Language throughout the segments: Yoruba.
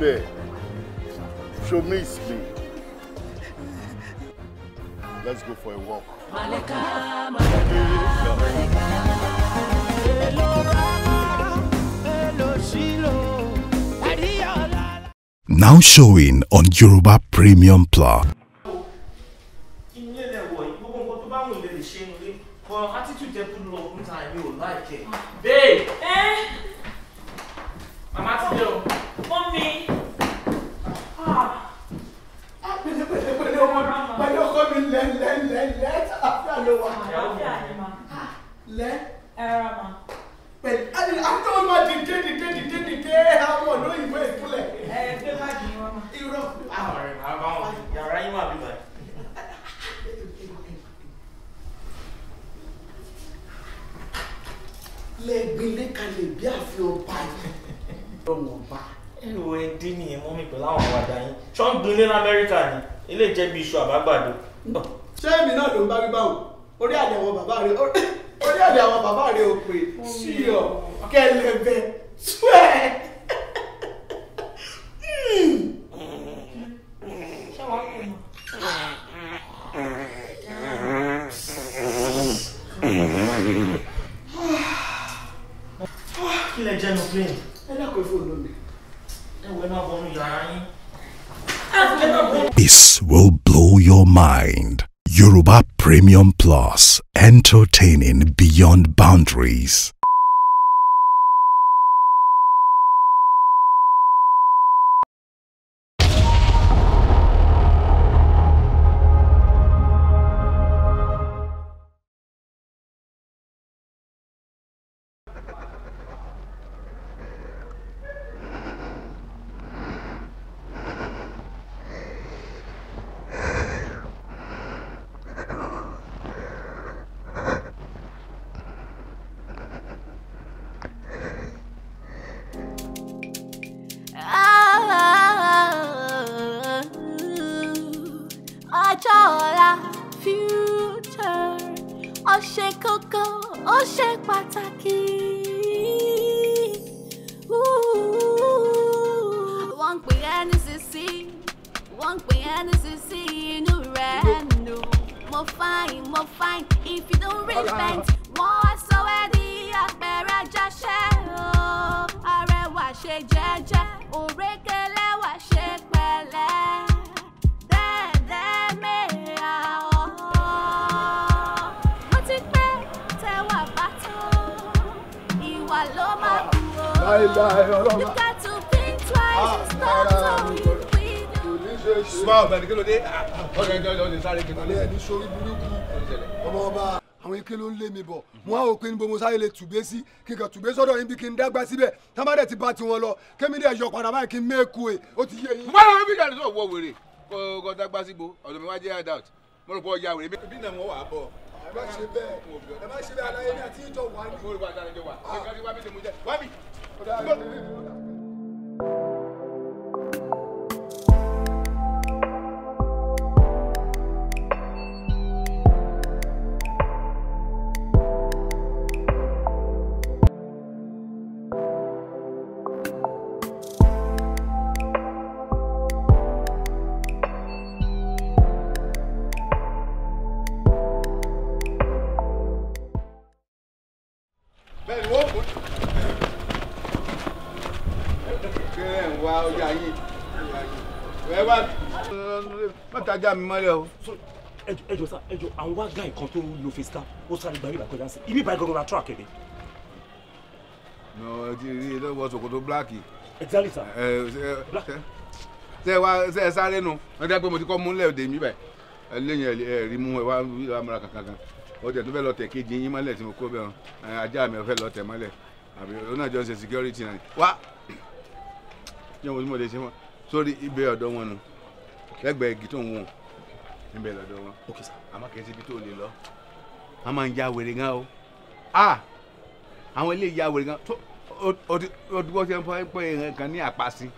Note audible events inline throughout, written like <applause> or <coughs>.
bẹ́ẹ̀ ṣo miss me let's go for a walk. Maleka, Maleka, Maleka. Hello, Rama. Hello, Shiloh. Now showing on Yoruba Premium Plus. Babe! Eh? Mama ti dé o. Mọ́mí. mi lẹ́ lẹ́ lẹ́ lẹ́ àfíà ló wà. lẹ́. ẹ̀rọ ma. pẹ̀lú àti àti wọn máa dìde dìde dìde dìde àwọn ọ̀dọ́ ìwé ìpínlẹ̀. ẹ gbé má dì í wọn ma. irọ́. àwọn ah, ọ̀rẹ́ màá bá wọn yàrá yín wà bíbá yìí. lẹ́gbẹ̀lẹ́ kalẹ̀ bí àfihàn ọba yìí. ọmọ ọba. ẹ̀rọ ẹdín ni ẹ̀mọ́ mi pẹ̀lú àwọn àwàdà yín ṣọ́ǹgbìn ní lamẹ́ríkà ni ilé jẹ́ bí iṣu àbágbàdo ṣé èmi náà ló ń bá wí báwọn orí àdé àwọn bàbá rẹ <coughs> orí àdé àwọn bàbá rẹ ò pé ṣíọ kẹlẹbẹ túẹ. ṣé wàá kò mọ. kí ẹ dákun fóònù mi. ẹ wẹ náà bọnu yàrá yín. This will your mind. Yoruba Premium Plus, entertaining beyond boundaries. ojo future ó ṣe kókó ó ṣe pàtàkì. wọ́n we and ní sisi wọ́n we é ní sisi No rẹ̀ no more fine more fine if you don't repent wọ́n wá sọ ẹ́ di apẹ̀rẹ̀ jáṣẹ́ o oh, arẹwà ṣe jẹ́jẹ́. láìláì ọlọ́run. smile bẹ̀rẹ̀ kí ló dé ọ̀rẹ́ ẹjọ́ ọ̀rẹ́ sáré kí ló dé. ẹni sori burúkú ọmọ ọba àwọn ike ló ń lé mi bọ̀ mo á wò pé níbo mo sáré lè tùbé sí kí n kà tùbé sọ́dọ̀ yín bí kí n dágbà síbẹ̀ támádẹ̀ ti ba tiwọn lọ kémi dẹ̀ yọ padà báyìí kí n méèkù ẹ̀ ó ti yé yín. mo máa ń bí gàdúrà wọ wèrè kó kó dágbà síbo ọ̀dọ̀ mi wá jẹ́ adult mo rò pé ọjà wèrè. bí nà mo wà á bọ̀ ẹ má ṣe bẹ́ẹ̀ ẹ má ṣe bẹ́ẹ̀ aláyé ní àti ìjọ wà ní. mo rò pé àtàlẹ́jọ wà. Ah. wá mi. Thank you. tajà mi mọ́lẹ̀ o. ẹ jọ sá ẹ jọ àwọn wá gá nǹkan tó lo face cap ó sáré gba ibà kọjá sí ibi ìbá ìgbọ̀ngàn àtúrà kẹ̀dẹ̀. nà ẹ ti rí ilé ìwọ ṣòkòtò bíláàkì. exactly sir. ṣe wá ṣe sáré nu ẹ dẹ́ pé mo ti kọ́ múlẹ̀ òde mi bẹ̀ lẹ́yìn ẹ̀ rí mú ẹ wá amúra kankan ó tẹ̀ tó fẹ́ lọ tẹ̀ kejì yín mọ́lẹ̀ tí mo kó bẹ́ẹ̀ ajá mi fẹ́ lọ tẹ̀ mọ́lẹ̀ àbí onájọ́ ṣe security náà wá jẹ́ mo ti mọ̀ de ṣe wọn sórí ibẹ̀ ọ̀dọ́ wọn nù lẹ́gbẹ̀ẹ́ igi tó ń wọ̀n níbẹ̀ lọ́dọ̀ wọn okay sir àmọ́ kì í ṣe ibi tó lè lọ wọ́n máa ń ya wèrè gan o ah àwọn ilé ya wèrè gan tó odúgbò ṣe ń fọ pé ìran kan ní àpasí.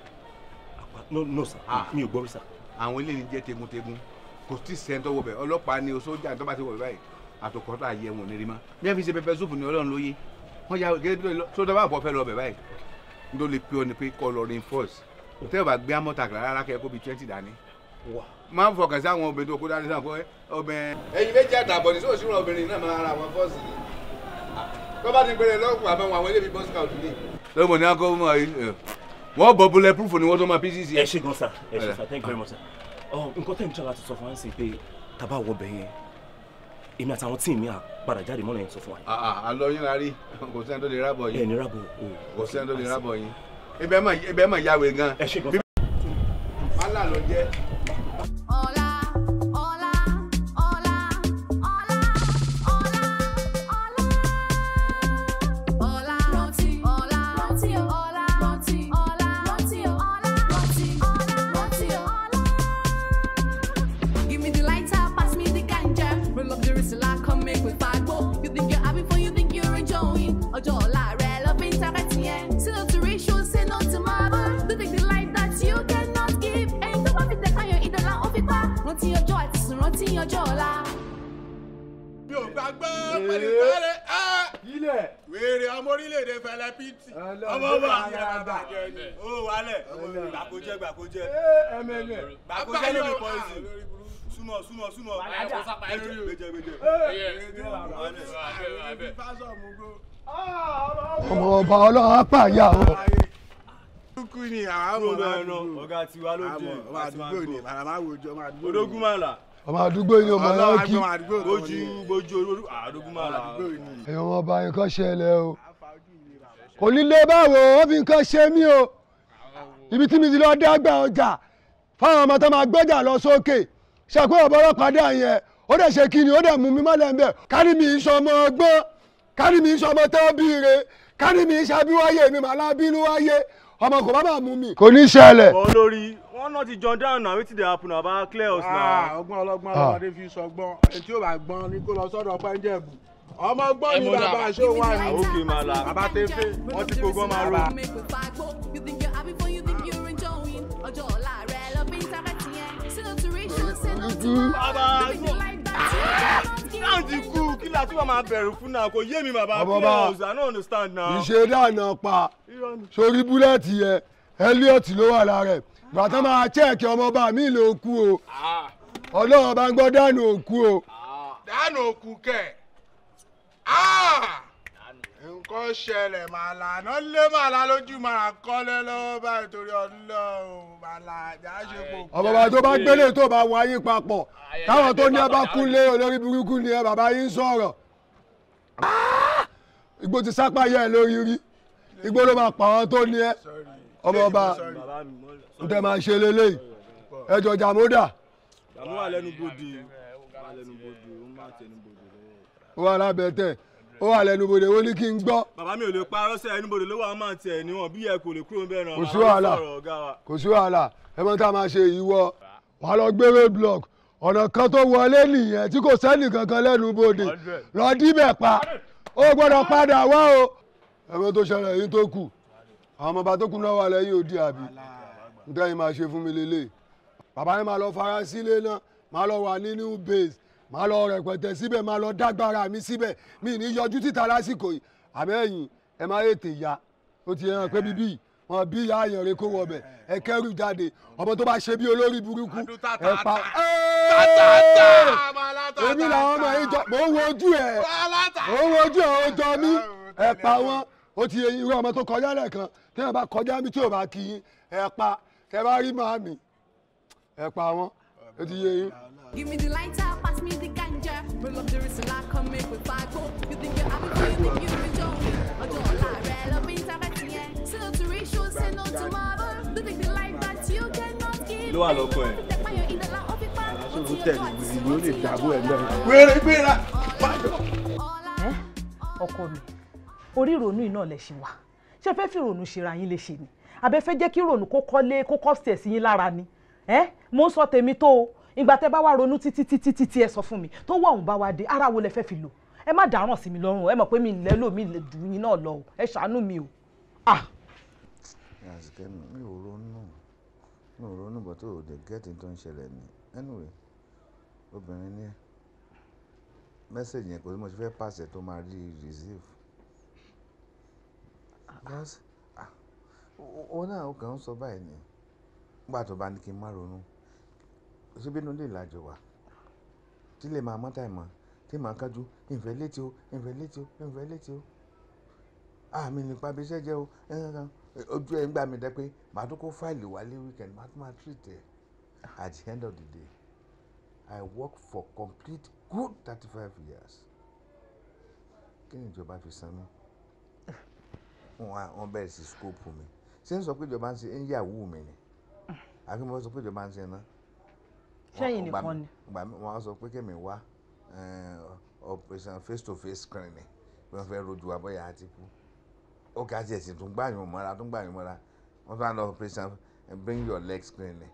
no no sir mi ò gbọ́ rí sir. àwọn ilé ni jẹ́ tegun-tegun kò tí ì sẹ́ni tó wọ bẹ̀ ọlọ́pàá ni sójà tó bá ti wọ̀ báyìí àtòkọ́ tó àyẹ̀ wọn ò ní rí mọ́ bí wọ́n fi ṣe pẹpẹ súùpù ní ọlọ́run ló yé wọ́n ya gẹ́gẹ́ tó dábàá bọ́ fẹ́ lọ bẹ̀ báyìí nítorí pé ọ ni pé kọ́ lọ reinforce tẹ́ ò bá gbé amọ́tàkì rárá kẹ́ kó twenty dání máa ń fọkàn sí àwọn obìnrin tó kó dání sàn fún obìnrin. ẹyin méjì àtàbọ̀ ní sóòsì ràn obìnrin náà máa ra àwọn fọ́ọ̀sì yìí tó bá ti gbére lọ́kùn àbẹ̀wò àwọn eléyìí bọ́sì káwọ́ tìlẹ̀. lọ́mọ ní akọ́ mọ́ ẹ wọ́n bọ̀ bulẹ̀ púrúfù ni wọ́n tó máa pí sí sí. ẹ ṣe gan sa ẹ ṣe sa thank you very much sir. nǹkan tẹ̀ ń tọ́ láti sọ fún wa ń sè pé tábà wọ bẹ̀ yẹn èmi àtàwọn tíì mi àpadà jáde mọ́nà yẹn sọ fún wa. Ah, ah, àlọ́ yín la rí kò sẹ́ni tó lè rábọ̀ yín. ẹni rábọ̀ o. kò sẹ́ni tó lè rábọ̀ yín. ibẹ̀ mà yáwé gan. ẹ ṣe gan sa. wàhálà ló jẹ́. ọjọ́ ọ̀la. mi ò gbàgbọ́ pẹ̀lú fẹ́rẹ̀ ẹ́. Ah! ilẹ̀. wèrè ọmọ orílẹ̀-èdè fẹlẹ́ pìtì. ọmọ wa ni ẹ bá jẹ ẹ. ó wálẹ̀ gbàkójẹ gbàkójẹ. gbàkójẹ lórí pọ́ìsì súnmọ́ súnmọ́ súnmọ́. wàlájà gbèjẹ gbèjẹ. ọmọ ọba ọlọ́wọ́ pààyà o kúkú ni àwọn ọmọ náà ọgá tiwa ló dé àmọ́ àdúgbò ni màrà máa wòjọ máa dúgbò ni. odógún màlà ọmọ àdúgbò yìí ọmọ náà kí bójú bójú olórí àdúgbò máa là ẹ̀yin ọmọ ọba nǹkan ṣẹlẹ̀ o onílé báwo ó fi nǹkan ṣe mí o ibi tí mi ti lọ dágbà ọjà fáwọn ọmọ tó máa gbọ́jà lọ sókè ṣàkó ọ̀bọ ọlọ́pàá dà ó dẹ̀ ṣe kíni ó dẹ̀ mú mi mọ́lẹ̀ ń bẹ̀ kárí mi sọ ọmọ ọgbọ́n kárí mi sọ ọmọ tó bí re kárí mi ṣàbíwáyé mi màlábínú wáyé ọmọ kò bá bá mú mi. kò ní ṣẹlẹ̀. olórí wọ́n náà ti jọ̀n dáhùn náà wetin dey happen na about clear us ah, na. ọgbọ́n ọlọ́gbọ́n ah. ọlọ́dẹ fi sọgbọ́n ẹni tí ó bá gbọ́n ni kó lọ sọ́dọ̀ pẹ́ńjẹ̀bù ọmọ gbọ́n ni bàbá ṣó wà ní. òkè máa la bàbá tẹ fẹ́ wọ́n ti kógbọ́n máa ra. bàbá náà ti kú kí la tí wọn máa bẹ̀rù fún náà kò yé mi bàbá kí ẹ ọ̀sán náà understand náà. ìṣe dáná pa sórí búlẹ̀tì yẹn Elliot ló wà lára ẹ̀ gbàtà máa chẹ́ẹ̀kì ọmọọba mi lè kú o ah. ọlọ́run bá ń gbọ́ dànù òkú o. Ah. dànù òkú kẹ̀ ah. nǹkan ṣẹlẹ̀ màlà náà lé màlà lójú màlà kọ́lé lọ́wọ́ báyìí torí ọlọ́run màlà àjà ṣe kò. ọ̀bọ̀bà tó bá gbélé tó bá wọ papọ̀ táwọn tó ní ẹ bá kúnlé olórí burúkú ni ẹ bàbá yín sọ̀rọ̀ igbó ti sápá yẹ lórí rí igbó ló máa pa tó ní ẹ ọmọ n tẹ máa ṣe lélẹ́yìí ẹjọ jàmódà. jàmó wà lẹ́nu bodè wà lẹ́nu bodè ó má tẹnu n gbọ́. bàbá mi ò lè parọ́ sẹ́yìn ẹnu bodè ló wà á máa tẹ̀ níwọ̀n bí ẹ kò lè kúrò bẹ́ẹ̀ náà. kò sí wàhálà kò sí wàhálà ẹ mọ tá a máa ṣe ìwọ wà á lọ gbéwé block ọ̀nà kan tó wọlé nìyẹn tí kò sẹ́nì kankan lẹ́nu bodè lọ díbẹ̀ pa ó gbọ́dọ̀ padà wá o. ẹ̀mọ́ tó ṣẹlẹ̀ yín tó kù àwọn ọmọ bàbá tó kù náà wà lẹ́yìn odi àbí nítorí yìí máa ṣe fún mi lélẹ̀ bàbá yẹn máa lọ fara sílé náà máa lọ wà ní new base máa lọ rẹpẹtẹ síbẹ̀ máa lọ dágbára mi síbẹ̀ mi ní yọjú títa lásìkò yìí àmẹ́yìn ẹ máa ètè ya ó ti hàn pé bíbí yìí wọn bí ìyá àyàn rẹ kó wọbẹ ẹ kẹrù jáde ọmọ tó bá ṣe bí olórí burúkú ẹ pa èmi làwọn ọmọ yìí jọ mò ń wojú ẹ mò ń wojú ẹ ó jọ mí ẹ pa wọn ó ti irú ọmọ tó kọjá lẹ́ẹ̀kan tí wọn bá kọjá mi tí ò bá kí yín ẹ pa tẹ bá rí màámi ẹ pa wọn ó ti yé yín. Give me the lighter, pass me the ganja. Roll up the wrist and I come make with five go. You think you're happy, you think you're enjoying. Ọjọ́ ọ̀la rẹ̀ lọ bí ìtàkàtì yẹn. Say no to ratio, say no to marble. Don't take the life that you cannot give. Ló wà lọ́kọ ẹ̀. Aṣọ́gun tẹ̀lé ìgbìyànjú ló lè dàbò ẹ̀ lọ. Wéré gbéra, bájọ́. Ẹ ọkọ mi, orí ìrònú iná lẹ̀ ṣì wà. Ṣé fẹ́ fi ìrònú ṣera yín léṣe ni? abẹ́ fẹ́ jẹ́ kí rònú kó kọ́lé kó kọ́ stẹ̀ sí yín lára ni ẹ́ mo ń sọ tèmi tó o ìgbà tẹ́ bá wá ronú títí títí títí ẹ sọ fún mi tó wọ òun bá wá dé ara wo lẹ fẹ́ fi lò ẹ má dáràn sí mi lọ́rùn ẹ mọ̀ pé mi lẹ́ lò mí jù yín náà lọ o ẹ ṣàánú mi o. àṣìkẹ́ mi mi ò ronú mi ò ronú bọ́tò òde gẹ́ẹ̀tì tó ń ṣẹlẹ̀ ni anyway obìnrin ni mẹ́sẹ̀gì yẹn kò sí mo ṣe fẹ́ pàṣẹ tó máa rí receive òun náà ó kàn ń sọ báyìí ni nígbà tó bá ní kí n má ronú ṣé bínú lè làjọ wá tí lè máa mọ́tà ìmọ̀ tí màá kájú ìfẹ́ létí o ìfẹ́ létí o ìfẹ́ létí o àmì nípa bí iṣẹ́ jẹ́ o ojú ẹ̀ ń gbà mí dẹ́ pé màá tún kó fáìlì wálé wíkẹ̀ndì màá tún máa treat ẹ̀ at the end of the day I work for complete good thirty five years kí ni ìjọba fi san mí wọ́n bẹ̀rẹ̀ sí scope mi ṣé ń sọ pé ìjọba ń ṣe ń yàwó mi ni àfi mo sọ pé ìjọba ń ṣe ná. sẹ́yìn nìkan ni. gbà mí wọ́n sọ pé kẹ́mi wá eh, operation face to face screening bí wọ́n fẹ́ rojú abọ́yà àti kú ó kí á tiẹ̀ sì tún gbàyàn mọ́ra tún gbàyàn mọ́ra wọ́n tún á lọ operation eh, bring your leg screening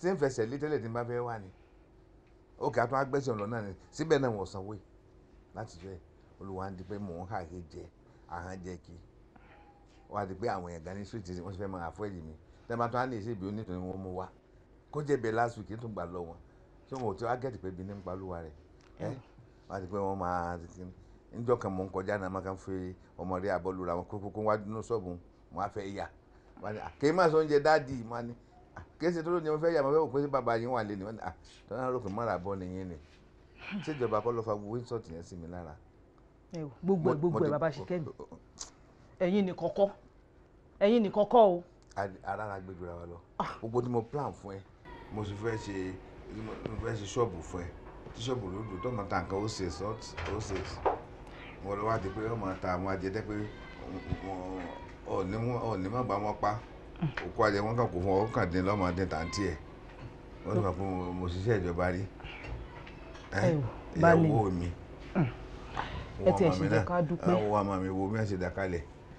tí ń fẹsẹ̀ lé tẹ́lẹ̀ tí ń bá fẹ́ wà ni ó kí á tún á gbẹ́sẹ̀ lọ náà ni síbẹ̀ náà wọ́n sanwó yìí láti jẹ́ olùwà pé mò ń hàgé jẹ àhán jẹ kí wọ́n á ti pé àwọn èèyàn gan ní street wọ́n ti fẹ́ máa àfọ́ ẹ̀yìn mi tẹ́lẹ̀ máa tún á ní ìṣèbí onítùnú wọn mú wa kó jẹ́ bẹ́ẹ̀ last week tún gbà lọ wọn tí wọn ò tí wọ́n á gẹ̀tì pé bí ní ń palúwa rẹ̀ ẹ́ wọ́n á ti pé wọ́n máa níjọ́ kan mò ń kọjá náà máa kàn fi ọmọdé àbọ̀lù ra wọn kókó wá nínú ṣọ́ọ̀bù wọn á fẹ́ yà kì í má sọ oúnjẹ dáàdì máa ní kì í ṣe tó lóúnjẹ mo fẹ́ yà mo fẹ́ wò pé sí bàbá yín wà lé ni wọ́n ní à tọ́lá rò pé mọ́ra bọ́ nìyẹn ni ṣèjọba kọ́ ló fa gbogbo insult yẹn sí mi lára. gbogbo ẹ gbogbo ẹ bàbá ṣe kẹ́mi ẹ̀yin ní kọ́kọ́ ẹ̀yin ní kọ́kọ́ o. ara la gbé jura wa lọ gbogbo tí mo plan fún ẹ mo sì fẹ́ ṣe mo fẹ́ ṣe ṣọ́ọ̀bù fún ẹ tí ṣọ́ọ̀bù ló dùn tọ́mọ ta nǹkan ó ṣe ó ṣe mo lọ wá di pé ọmọ ta àwọn ajẹtẹ pé ọ̀ọ́nì má gbà wọ́n pa òkú ajẹ wọn kàn kó fún ọkàndínlọ́mọdé tàǹtí ẹ̀ wọ́n ti mọ̀ pé mo ṣiṣẹ́ ìjọba rí ìyàwó mi mm. ẹ tiẹ̀ ṣe dàka dúpẹ́ ọmọ mi wo mi ẹ ṣe dàka lẹ̀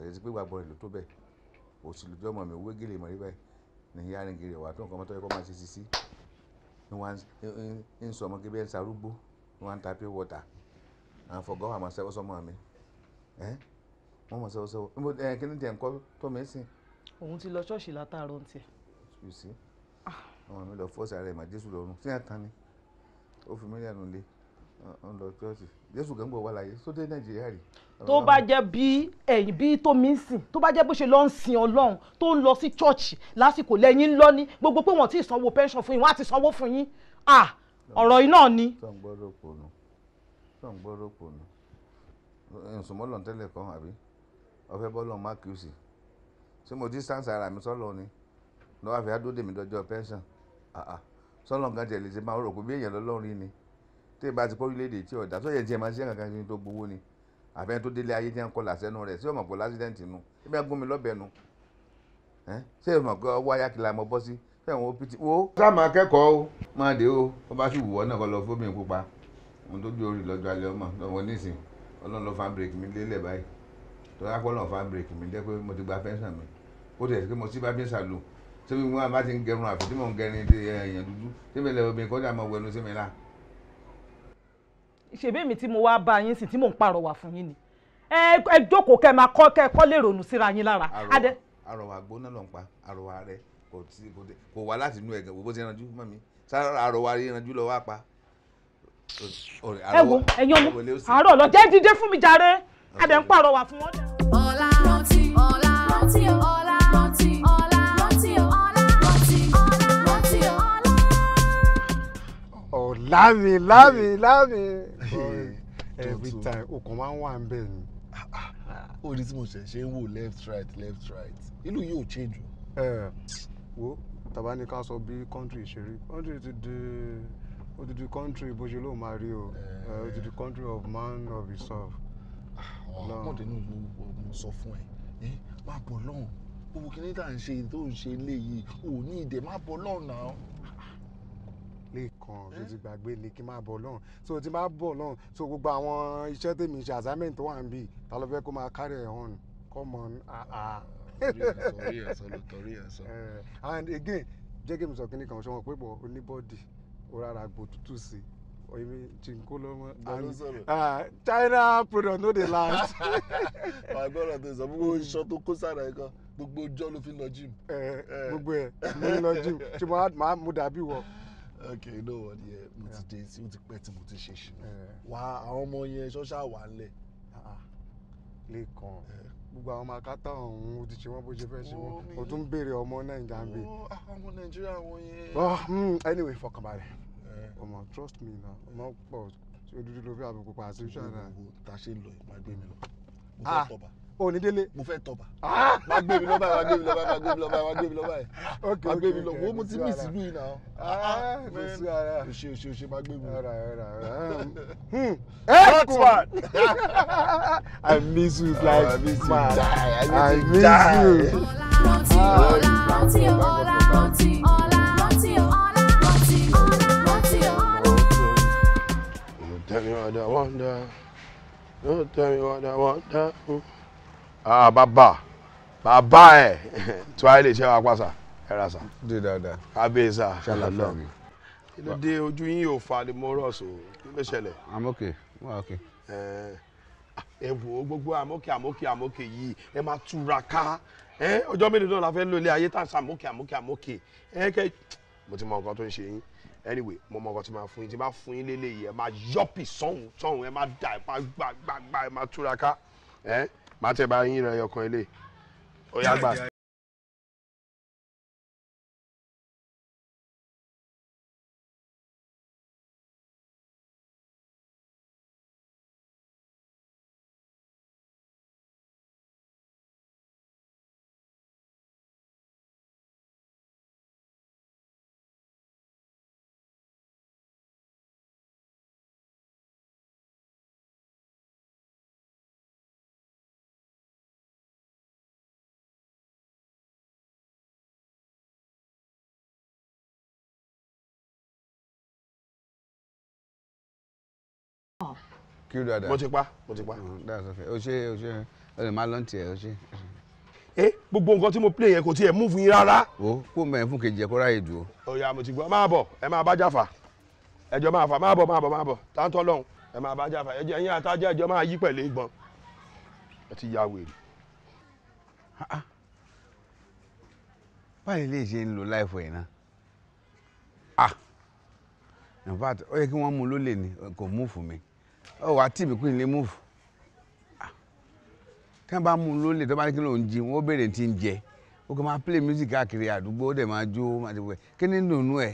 ẹ̀rẹ́ ti pé gbàgbọ́ rẹ̀ ló tó bẹ́ẹ̀ òsì lójú ọmọ mi òwe gèlè mọ̀ rí báyìí ní ìyá rìn gèrè wà tó nǹkan mọ́tò ẹ̀kọ́ máa ṣe sisi ń sọ ọmọ gẹ́gẹ́ ń sarúgbó wọ́n ń ta pure water àwọn fọgọ́ àmọ́ sẹ́wọ́sọ́mọ mi wọ́n mọ̀ sẹ́wọ́sẹ́wọ́ kí ni tiẹ̀ ń kọ́ tó mi sìn. òun ti lọ ṣọ́ọ̀ṣì látàárọ̀ tiẹ̀. you see ah. ọmọ mi lọ fọ́ọ̀sì ara ẹ̀ mà jésù lọ́rùn sí àtàn ni ó fi mílíọ̀nù lé ó ń lọ ṣọ́ọ̀ṣì jésù gẹ́gbọ̀ wà láyé sóde nàìjíríà rè. tó bá jẹ́ bí ẹ̀yìn bí tómi ń sìn tó bá jẹ́ bó ṣe lọ ń sin ọlọ́run tó ń lọ sí chọ́ọ̀chì lásìkò lẹ́yìn lọ gbogbo pé wọ́n ti sanwó pension fún yín wọ́n á ti sanwó fún yín ah ọ̀rọ̀ yìí náà ni. sọ̀ ń gbọ́dọ̀ pònú sọ̀ ń gbọ́dọ̀ pònú nsọmọlọ tẹ́lẹ̀ kan àbí ọfẹ bọlọ má kí o sì ṣé mo distance ara mi sọlọ ni lọ́wọ́ àfẹ adóde mi dọjọ́ pension sọlọ nǹkan tẹ́lẹ̀ ṣe máa rò pé bí èèyàn lọ́lọ́run ni tẹ́ ẹ bá ti kọ́ orílẹ̀-èdè tí ọ̀dà sọ́yẹ̀ jẹ́ máa ṣiṣẹ́ kankan kí n tó gbowó ni àbẹ́ni tó délé ayé tí wọ́n kọ́ làṣẹ́nu rẹ̀ sí ọmọ pọ̀ lásìdẹ́ǹtì nu ẹ bẹ́ẹ̀ gún mi lọ́bẹ̀ nu ṣé ẹ mọ̀ pé ọwọ́ ayákìlá mọ bọ́ sí ṣé àwọn opiti wo. sáà máa kẹ́kọ̀ọ́ o máa dé o tó bá sì wù ọ́ náà kọ́ lọ fóbìnrin pupa òun tó ju orí lọ́jọ́ alẹ́ ọmọ lọ́wọ́ nísìn ọlọ́run lọ́ fan break mi lélẹ̀ báyìí tó yá kọ́ lọ́n fan break mi jẹ́ pé mo ti gba pension mi ó tẹ̀ sí pé mo sí bá bíyẹn sàlù ṣé mi wọ́n bá ti ń gẹrun àfi tí mò ń gẹrin èèyàn dúdú ṣé mi lẹ́ obìnrin kọ́jà mọ̀ ṣèbí èmi tí mo wá bá yín sìn tí mò ń pàrọwà fún yín ni ẹ jókòó kẹ máa kọ́ kẹ kọ́ lè ronú síra yín lára. àròwà gbóná ló ń pa àròwà rẹ kò wá láti inú ẹ̀gàn bó ti yanjú mọ́ mi sára àròwà rẹ yanjú lọ wá pa. ẹ wo ẹ̀yin ọmọ àárọ̀ ọlọ́jà ẹ fún mi jàre adẹ ń pàrọwà fún wọn. ọ̀la rántí ọ̀la rántí ọ̀la rántí ọ̀la rántí ọ̀la rántí ọ̀la rántí ọ̀la. ọ̀la mi lámi every time o kàn máa ń wà ń bẹ̀ ni. Ah, ah, ah. ó di tí mo ṣẹ̀ ṣe ń wò left right left right ìlú yóò change o. ẹ wo tàbá ní ká sọ bí kọ́ńtì ṣe rí kọ́ńtì ti di odidi kọ́ńtì bó ṣe ló máa rí o odidi kọ́ńtì of man of himself. àwọn akọ́dé ní mo sọ fún ẹ má bọ̀ lọ́hùn gbogbo kìnìún tá à ń ṣe tó ń ṣe léyìí ò ní ìdè má bọ̀ lọ́hùn náà lẹ́ẹ̀kan tó ti gbàgbé lè kí n máa bọ̀ lọ́hùn so tí n bá bọ̀ lọ́hùn so gbogbo àwọn iṣẹ́ tèmi ṣe assignment tó wà ń bì ta ló fẹ́ kó máa carry on come on ah ah. torí ẹ̀ sọ ló torí ẹ̀ sọ. Eh, and again jẹ́ kí n sọ kí ni kàn ṣọwọ́n pé bọ̀ oníbọ̀dì ó rárá gbò tútù sí i oyinbi chinkolomo and uh, China product no dey last. wà <laughs> á gbọ́dọ̀ tó sọ gbogbo iṣan tó kó sára ẹ̀ kan gbogbo ọjọ́ ló fi lọ gym. Eh, eh. gbogbo ẹ̀ ló ń lọ gym ṣùgbọ́n màá mú dàbí wọ Okay, you know what yẹ mo ti dé sí mo ti pẹ́ tí mo ti ṣe ṣìnà wà àwọn ọmọ yẹn ṣọ́ṣà wà ń lẹ̀. lẹ́ẹ̀kan gbogbo àwọn makata ọ̀hún o ti ṣe wọ́n bó ṣe fẹ́ ṣe wọ́n o tún béèrè ah, ọmọ nàìjíríà ń bè. ọmọ nàìjíríà wọn yẹn. Ah, hmm, anyway fọkànbalẹ̀ eh. ọmọ trust me na ọmọ pọ̀ odudu ló fi àbùkù pa àti ṣàdá. ta ṣe ń lọ ìpàdé mi lọ mo ah o ní délé. mo fẹ́ tọba wá ah! gbé mi lọ́ba wá gbé mi lọ́ba wá gbé mi lọ́ba wá gbé mi lọ́ba yẹn wá gbé mi lọ́ba wo mo ti mí sílùú yìí náà ah, ah, mo sí ara o ṣe o ṣe o ṣe má gbé mi. Hmm. Hmm. hot one <laughs> i miss you like i miss you die i miss you. ọlá Tell me what I want, don't tell me what I want ah bàbá bàbá ẹ tí wàá lè ṣe wàá pàṣà ẹ ra sà. dé dáadáa. kábíyèsà ṣàlàyé mi. kí ló dé ojú yín yóò fa ni mo rọ̀ so kí ló ṣẹlẹ̀. I'm okay mo wà okay. ẹ wo gbogbo àmókè àmókè àmókè yìí ẹ máa túra ká ọjọ́ mélòó náà la fẹ́ lò ilé ayé tá a sà àmókè àmókè àmókè ẹ kẹ́ mo ti mọ nǹkan tó ń ṣe yín anyway mo mọ nǹkan tí máa fún yín tí máa fún yín lélẹ́yìí ẹ máa yọ̀pì sọ́hùn sọ́hùn ẹ máa dà ẹ máa gbàgbàgbà ẹ máa túra ká ẹ màá tẹ̀ bá yín ran ẹyọkan eléyìí ó yá gbà. kí ló dà. mo ti pa mo ti pa. Mm, that's okay o ṣe o ṣe o lè máa lọ tiẹ̀ o ṣe. ẹ gbogbo nǹkan tí mo play yẹn kò tiẹ̀ mú fún yín rárá. o kó mẹ́rin fún kejì ẹ̀ kó ráyè dùn o. ọ̀yà mo ti gbọ́ máa bọ̀ ẹ máa bá jàfà ẹjọ́ máa fà máa bọ̀ máa bọ̀ máa bọ̀ táńtọ́ lọ́hùn ẹ máa bá jàfà ẹjọ́ ẹ̀yìn àtàjẹ́ ẹjọ́ máa yí pẹ̀lú ìgbọ̀n ẹ ti ya wèrè. báyìí lè ṣe ń lo láìfọ̀ yìí náà ah in fact ó yẹ kí wọ́n mú lólè ni kò mú fún mi ọ wà ah. tí ìbíkú ìlé múfù tí wọn bá mú un lólè tó bá ní kí ló ń jí wọn ó béèrè tí ń jẹ ó kàn máa play music káàkiri àdúgbò ó dẹ̀ máa jó máa dẹ̀ wẹ̀ kí ni dùnú ẹ̀.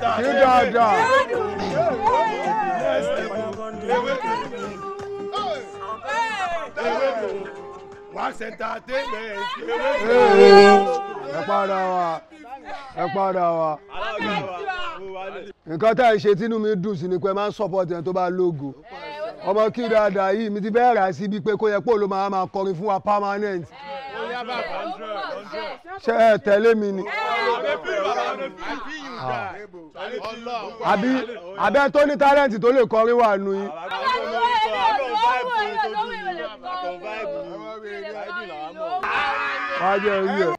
ṣé dáadáa. wá sẹ́ńtàtẹ́mẹ̀ ẹ padà wá ẹ padà wá. nǹkan tá ẹ ṣe tínú mi dùn sí ni pé máa ń sọ́pọ̀tì ẹ̀ tó bá lógo ọmọ kí dáadáa yìí mi ti fẹ́ rà síbi pé kó yẹ kó ló máa máa kọrin fún wa permanent ṣe ẹ tẹ̀lé mi ni. àbí abẹ́ tó ní tálẹ́ǹtì tó lè kọrin wà nù yín. wàá jẹ́ orí ẹ̀.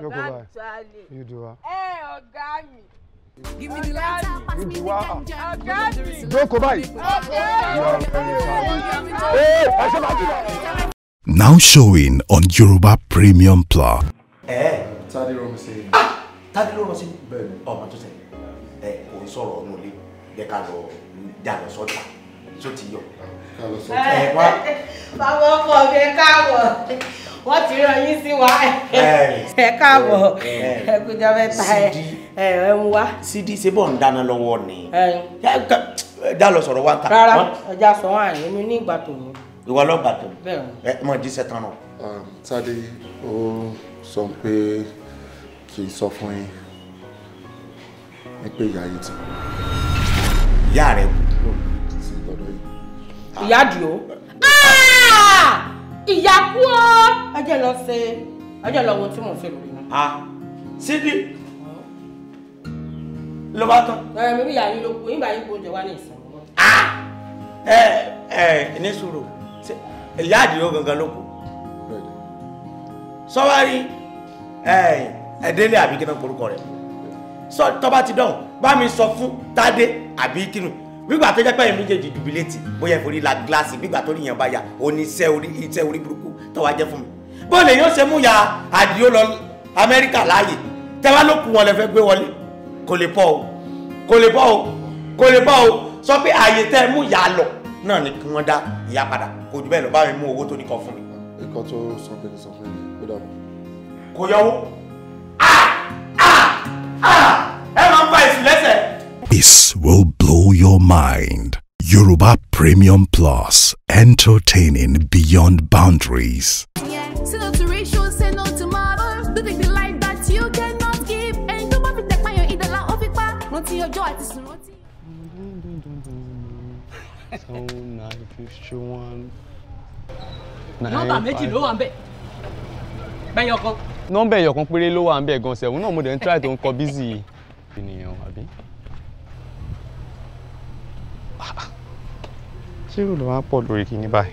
Yoko bai. You Ẹ ọ̀gá mi. Give me the light. You do wa. Ọ̀gá mi. Yoko bai. Ọ̀gá mi. Ee, ẹ ṣe máa jùlọ now showing on Yoruba Premium Plus. Eh, tadi romose. ah tadi romose. bẹ́ẹ̀ni ọmọ tó ṣe ẹ eh, kò ń sọ̀rọ̀ ọmọ ilé jẹ ká lọ dà lọ sọ́jà tó Eh, yọ. ẹ wá. bàbá ọkọ mi káàbọ̀ wọ́n ti rán yín sí wa eh. ẹ káàbọ̀ eh. ẹ kújọ mẹ́ta ẹ Eh, ń wá. sídí ṣe bọ̀ ń dáná lọ́wọ́ ni. dá lọ sọ̀rọ̀ wá ń ta. rárá ọjà sọ wọn àná èmi ìwọ ọlọ́gbà tó ẹ mọ̀ di sẹ́tàn rọ. Tádé ó sọ pé kì í sọ fún yín ní pé ìyá yìí ti kú. ìyá rẹ kú. Ah. ìyá dùn ó. Ah! ìyá kú ó. ọjọ́ lọ ṣe ọjọ́ lọ wo tí mò ń ṣe lórí náà. Ah. sídìí ló bá tán. ẹ̀ẹ́dẹ́gbẹ̀rún ìyá yín ló kú yín bá yín kó jẹ wá ní ìsìn. ẹ ẹ ní sùúrù ìyá àdìrò gangan ló kù sọwárí ẹ̀ẹ́dẹ́lẹ̀ àbí kí náà korúkọ rẹ̀ sọ tọ́ba ti dọ̀hùn bá mi sọ fún tádé àbí kínú gbígbà tó jẹ́ pé èmi jèjì jubileti bóyá ìforí la gíláàsì gbígbà tó níyàn bá ya òní iṣẹ́ orí iṣẹ́ orí burúkú tó wá jẹ́ fún mi bó lè yóò ṣe mú ya àdìó lọ amẹ́ríkà láàyè tẹ́wá ló kù wọn lè fẹ́ gbé wọlé kò lè bọ́ o kò lè bọ́ o kò lè bọ́ o sọ pé àyè tẹ́ mú ya lọ náà ni kí wọ́n dá ìyá padà kò lọ bá mi mú owó tó ní fún mi. tó sọ pé sọ fún mi kó kò ẹ lẹ́sẹ̀. This will blow your mind. Yoruba Premium Plus, entertaining beyond boundaries. So nice. fifty one nine five. nọ́mbà méjì ló wà ń bẹ̀ bẹ́yọ̀ kan. nọ́mbà ẹ̀yọ̀ kan péré ló wà ń bẹ̀ gan sẹ̀wọ̀n náà mo dẹ̀ ń tíráì tó ń kọ bízì ènìyàn àbí. ṣé ìrònú wa pọ̀ lórí kìíní báyìí.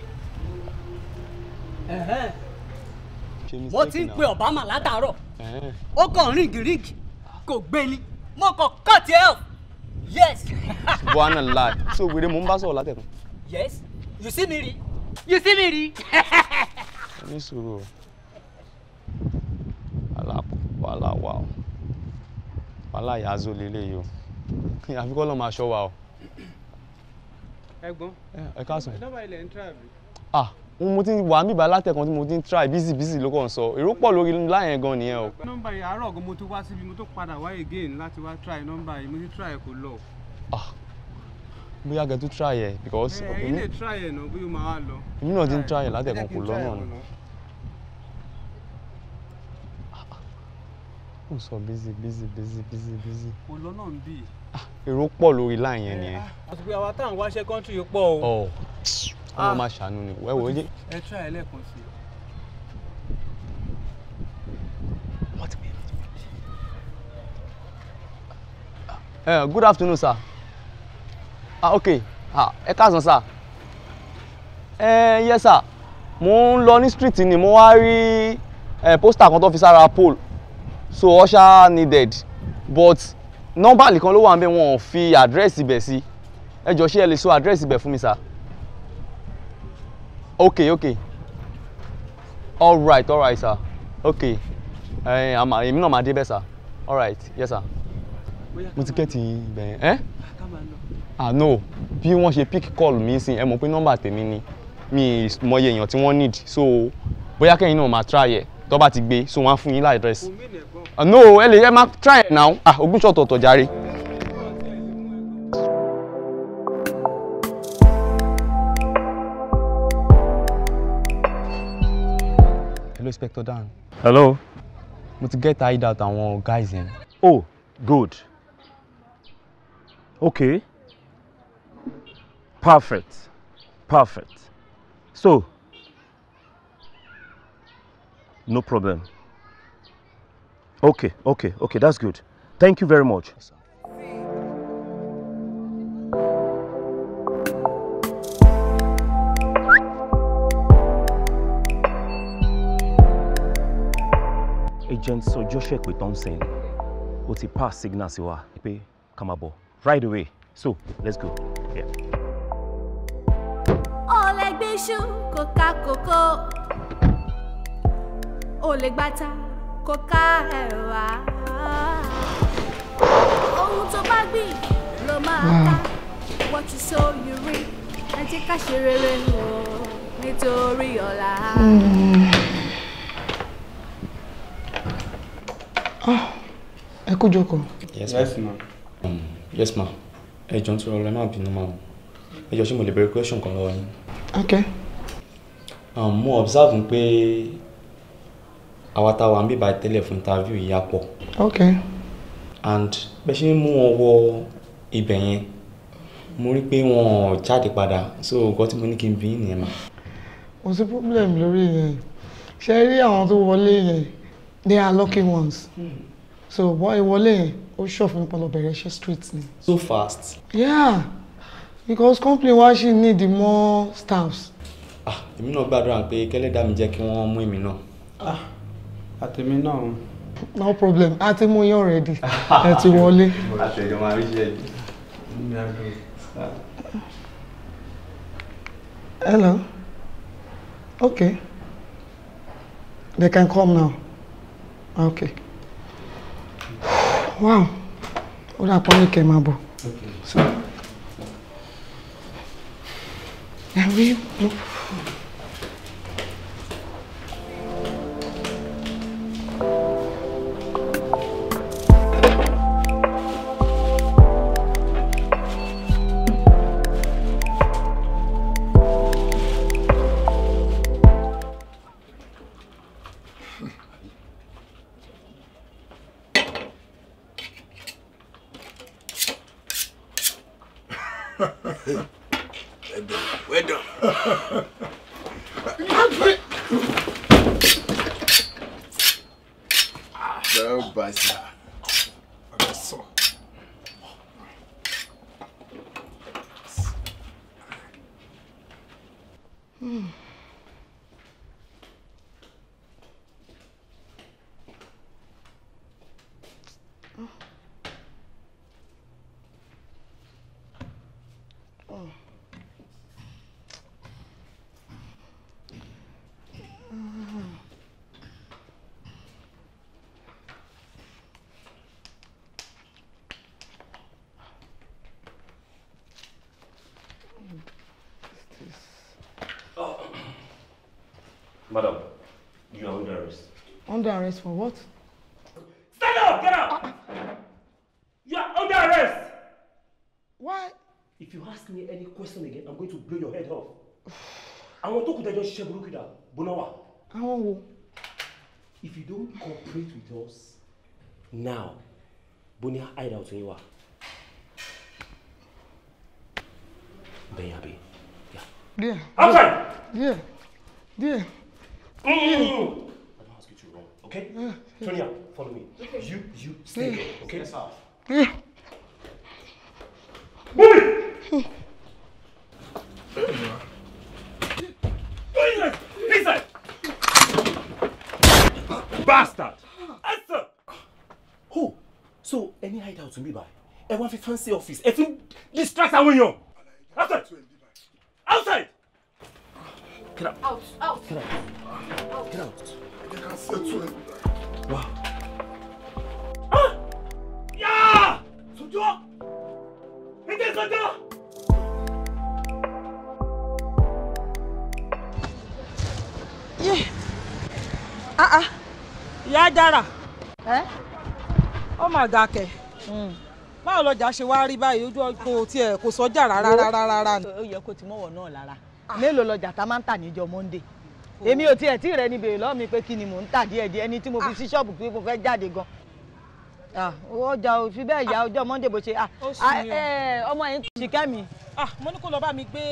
mo ti ń pe Obama látàárọ̀ ó kàn ríngìríngì kò gbé ni mo kàn cut ẹ̀ ọ́ yes. buhari náà láì so wèrè mo ń bá sọ̀rọ̀ látẹ̀kùn. yes you see me you see me rí. ní sùúrù wàhálà wà o wàhálà yàzó lélẹ́yìí o àfi kọ́ lọ́ọ́ máa ṣọ́ wa o. ẹ̀gbọ́n ẹ káàsán. ìjọba ilẹ̀ ń tíra bí. ah mo ti wà mí bá látẹ̀kan tí mo ti ń try busy busy ló kàn sọ èrò pọ̀ lórí láyẹn gan nìyẹn o. nọ́mbà yìí àárọ̀ gan mo ti wá síbi mo tó padà wá again láti wá try nọ́mbà yìí mo ti try kò lọ. ah bóyá kẹ́ tún try ẹ̀ because. ẹ̀yin eh, lè try ẹ̀ náà bóyá máa wá lọ. èmi náà ti ń try ẹ̀ látẹ̀kùn kò lọ́nà ó sọ busy busy busy busy busy. kò lọ́nà ń bì. Ah, èrò pọ̀ lórí láì yẹn nìyẹn. Eh, ah, àtùpẹ́ àwa tá à ń wáṣẹ́ kọ́ńtì yìí pọ̀ o. ọ̀ oh, ah. ọmọ máa ṣàánú ni wẹ́ẹ́ wọ́n yé. ẹ try ẹ lẹ́ẹ̀kan sí i. Uh, good afternoon, sir ah okay. ah ẹ káàsán sà ẹ yẹ sà mo ń lọ ní street ni mo wá rí ẹ pósítà kan tó fi sára pole so usher needed but nọ́mbà nìkan ló wà ń bẹ wọn ò fi àdírẹ́sì ibẹ̀ sí ẹ jọ ṣé ẹ lè sọ àdírẹ́sì ibẹ̀ fún mi sà ok ok all right all right sir okay ẹ àmà èmi náà máa dé bẹ́ẹ̀ sà all right yes sir mo ti kẹ́ ti ibẹ̀ Eh? àná ah, bí wọ́n ṣe pick call mi sí ẹ mọ̀ pé nọ́mbà tèmi ni mi mọye èèyàn tí wọ́n need so bóyá kẹ́yìn náà máa try ẹ̀ tó bá ti gbé so wọ́n á fún yín lá address ah, no ẹ lè ẹ máa try it now ah ogúnṣọ́ tọ̀tọ̀ jàre. Hello, Inspector Dan. Hello. Mo ti get tied out àwọn guys yẹn. Oh, good. Okay. Perfect. Perfect. So, no problem. Okay, okay, okay, that's good. Thank you very much. Agent Sir Joshua Thompson, ó ti pass signal you are. pé ká máa right away. So, let's go. Yeah. iṣu kò ká kòkó ò lè gbàtà kò ká ẹ̀wà ohun tó bá gbìn ló máa ká what you sow you reap ẹ jẹ́ ká ṣe rere o nítorí ọ̀la. Ah, ẹ kú jókòó. yes ma yes ma um, yes ma ẹ jọ̀ọ́ ń tura ọ̀la ẹ má bínú ma o ẹ jọ̀ọ́ ṣé mo lè béèrè question kan lọ́wọ́ yín okay. um, mo observe pé àwa tá a wà ń bíbá tẹ́lẹ̀ fún interview yìí á okay. and bẹ́ẹ̀ ṣe ń mú wọn wọ ibẹ̀ yẹn mo rí pé wọn ò jáde padà so nǹkan tí mo ní kí n bí nìyẹn mà. kò sí problem lórí yẹn ṣe rí àwọn tó wọlé yẹn they are lucky ones hmm. so wọ́n ìwọlé yẹn ó ṣọ̀fun pọlọ bẹ̀rẹ̀ ṣe street ni. so fast. yeah because company wa ṣì need more staffs. ah èmi náà gbàdúrà pé kẹlẹ́dà mi jẹ́ kí wọ́n mú èmi náà. ah àtẹ̀mí náà. no problem a ti mú yín already ẹ ti wọlé. àtẹ̀jọ́ máa rí ṣe é. hello okay they can come now okay wow ó dà pọ́nìkẹ́ máa bọ̀. okay. so. Now we. Madam, you are under arrest. Under arrest for what? Stand up! Get up! Uh, you are under arrest! Why? If you ask me any question again, I'm going to blow your head off. I Àwọn tó kù dájọ́ ṣiṣẹ́ burúkú dà bóná wà. Àwọn wo? If you don't cooperate with us now, Bunia, I out yín wà. Bẹ́ẹ̀ yà bẹ́ẹ̀. Díẹ̀. Outside! Díẹ̀. Díẹ̀. Mm. I don't ask you to roll, okay? Tonya, follow me. You, you, stay, okay? That's off. Move it! Inside! Bastard! Answer! Oh, so any hideout to me by? A one fancy office, a distract I win you! dákẹ́ hmm. báwo lọjà ṣe wá rí báyìí ojú ọkọ tiẹ̀ kò sọjà rárá rárá rárá. ó yẹ kó ti mọ̀wọ̀ náà lára ah. mélòó lọjà tá máa ń tà oh. èmi ò tiẹ̀ tí ọjọ́ Monday ah mo ní kó lọ bá mi gbé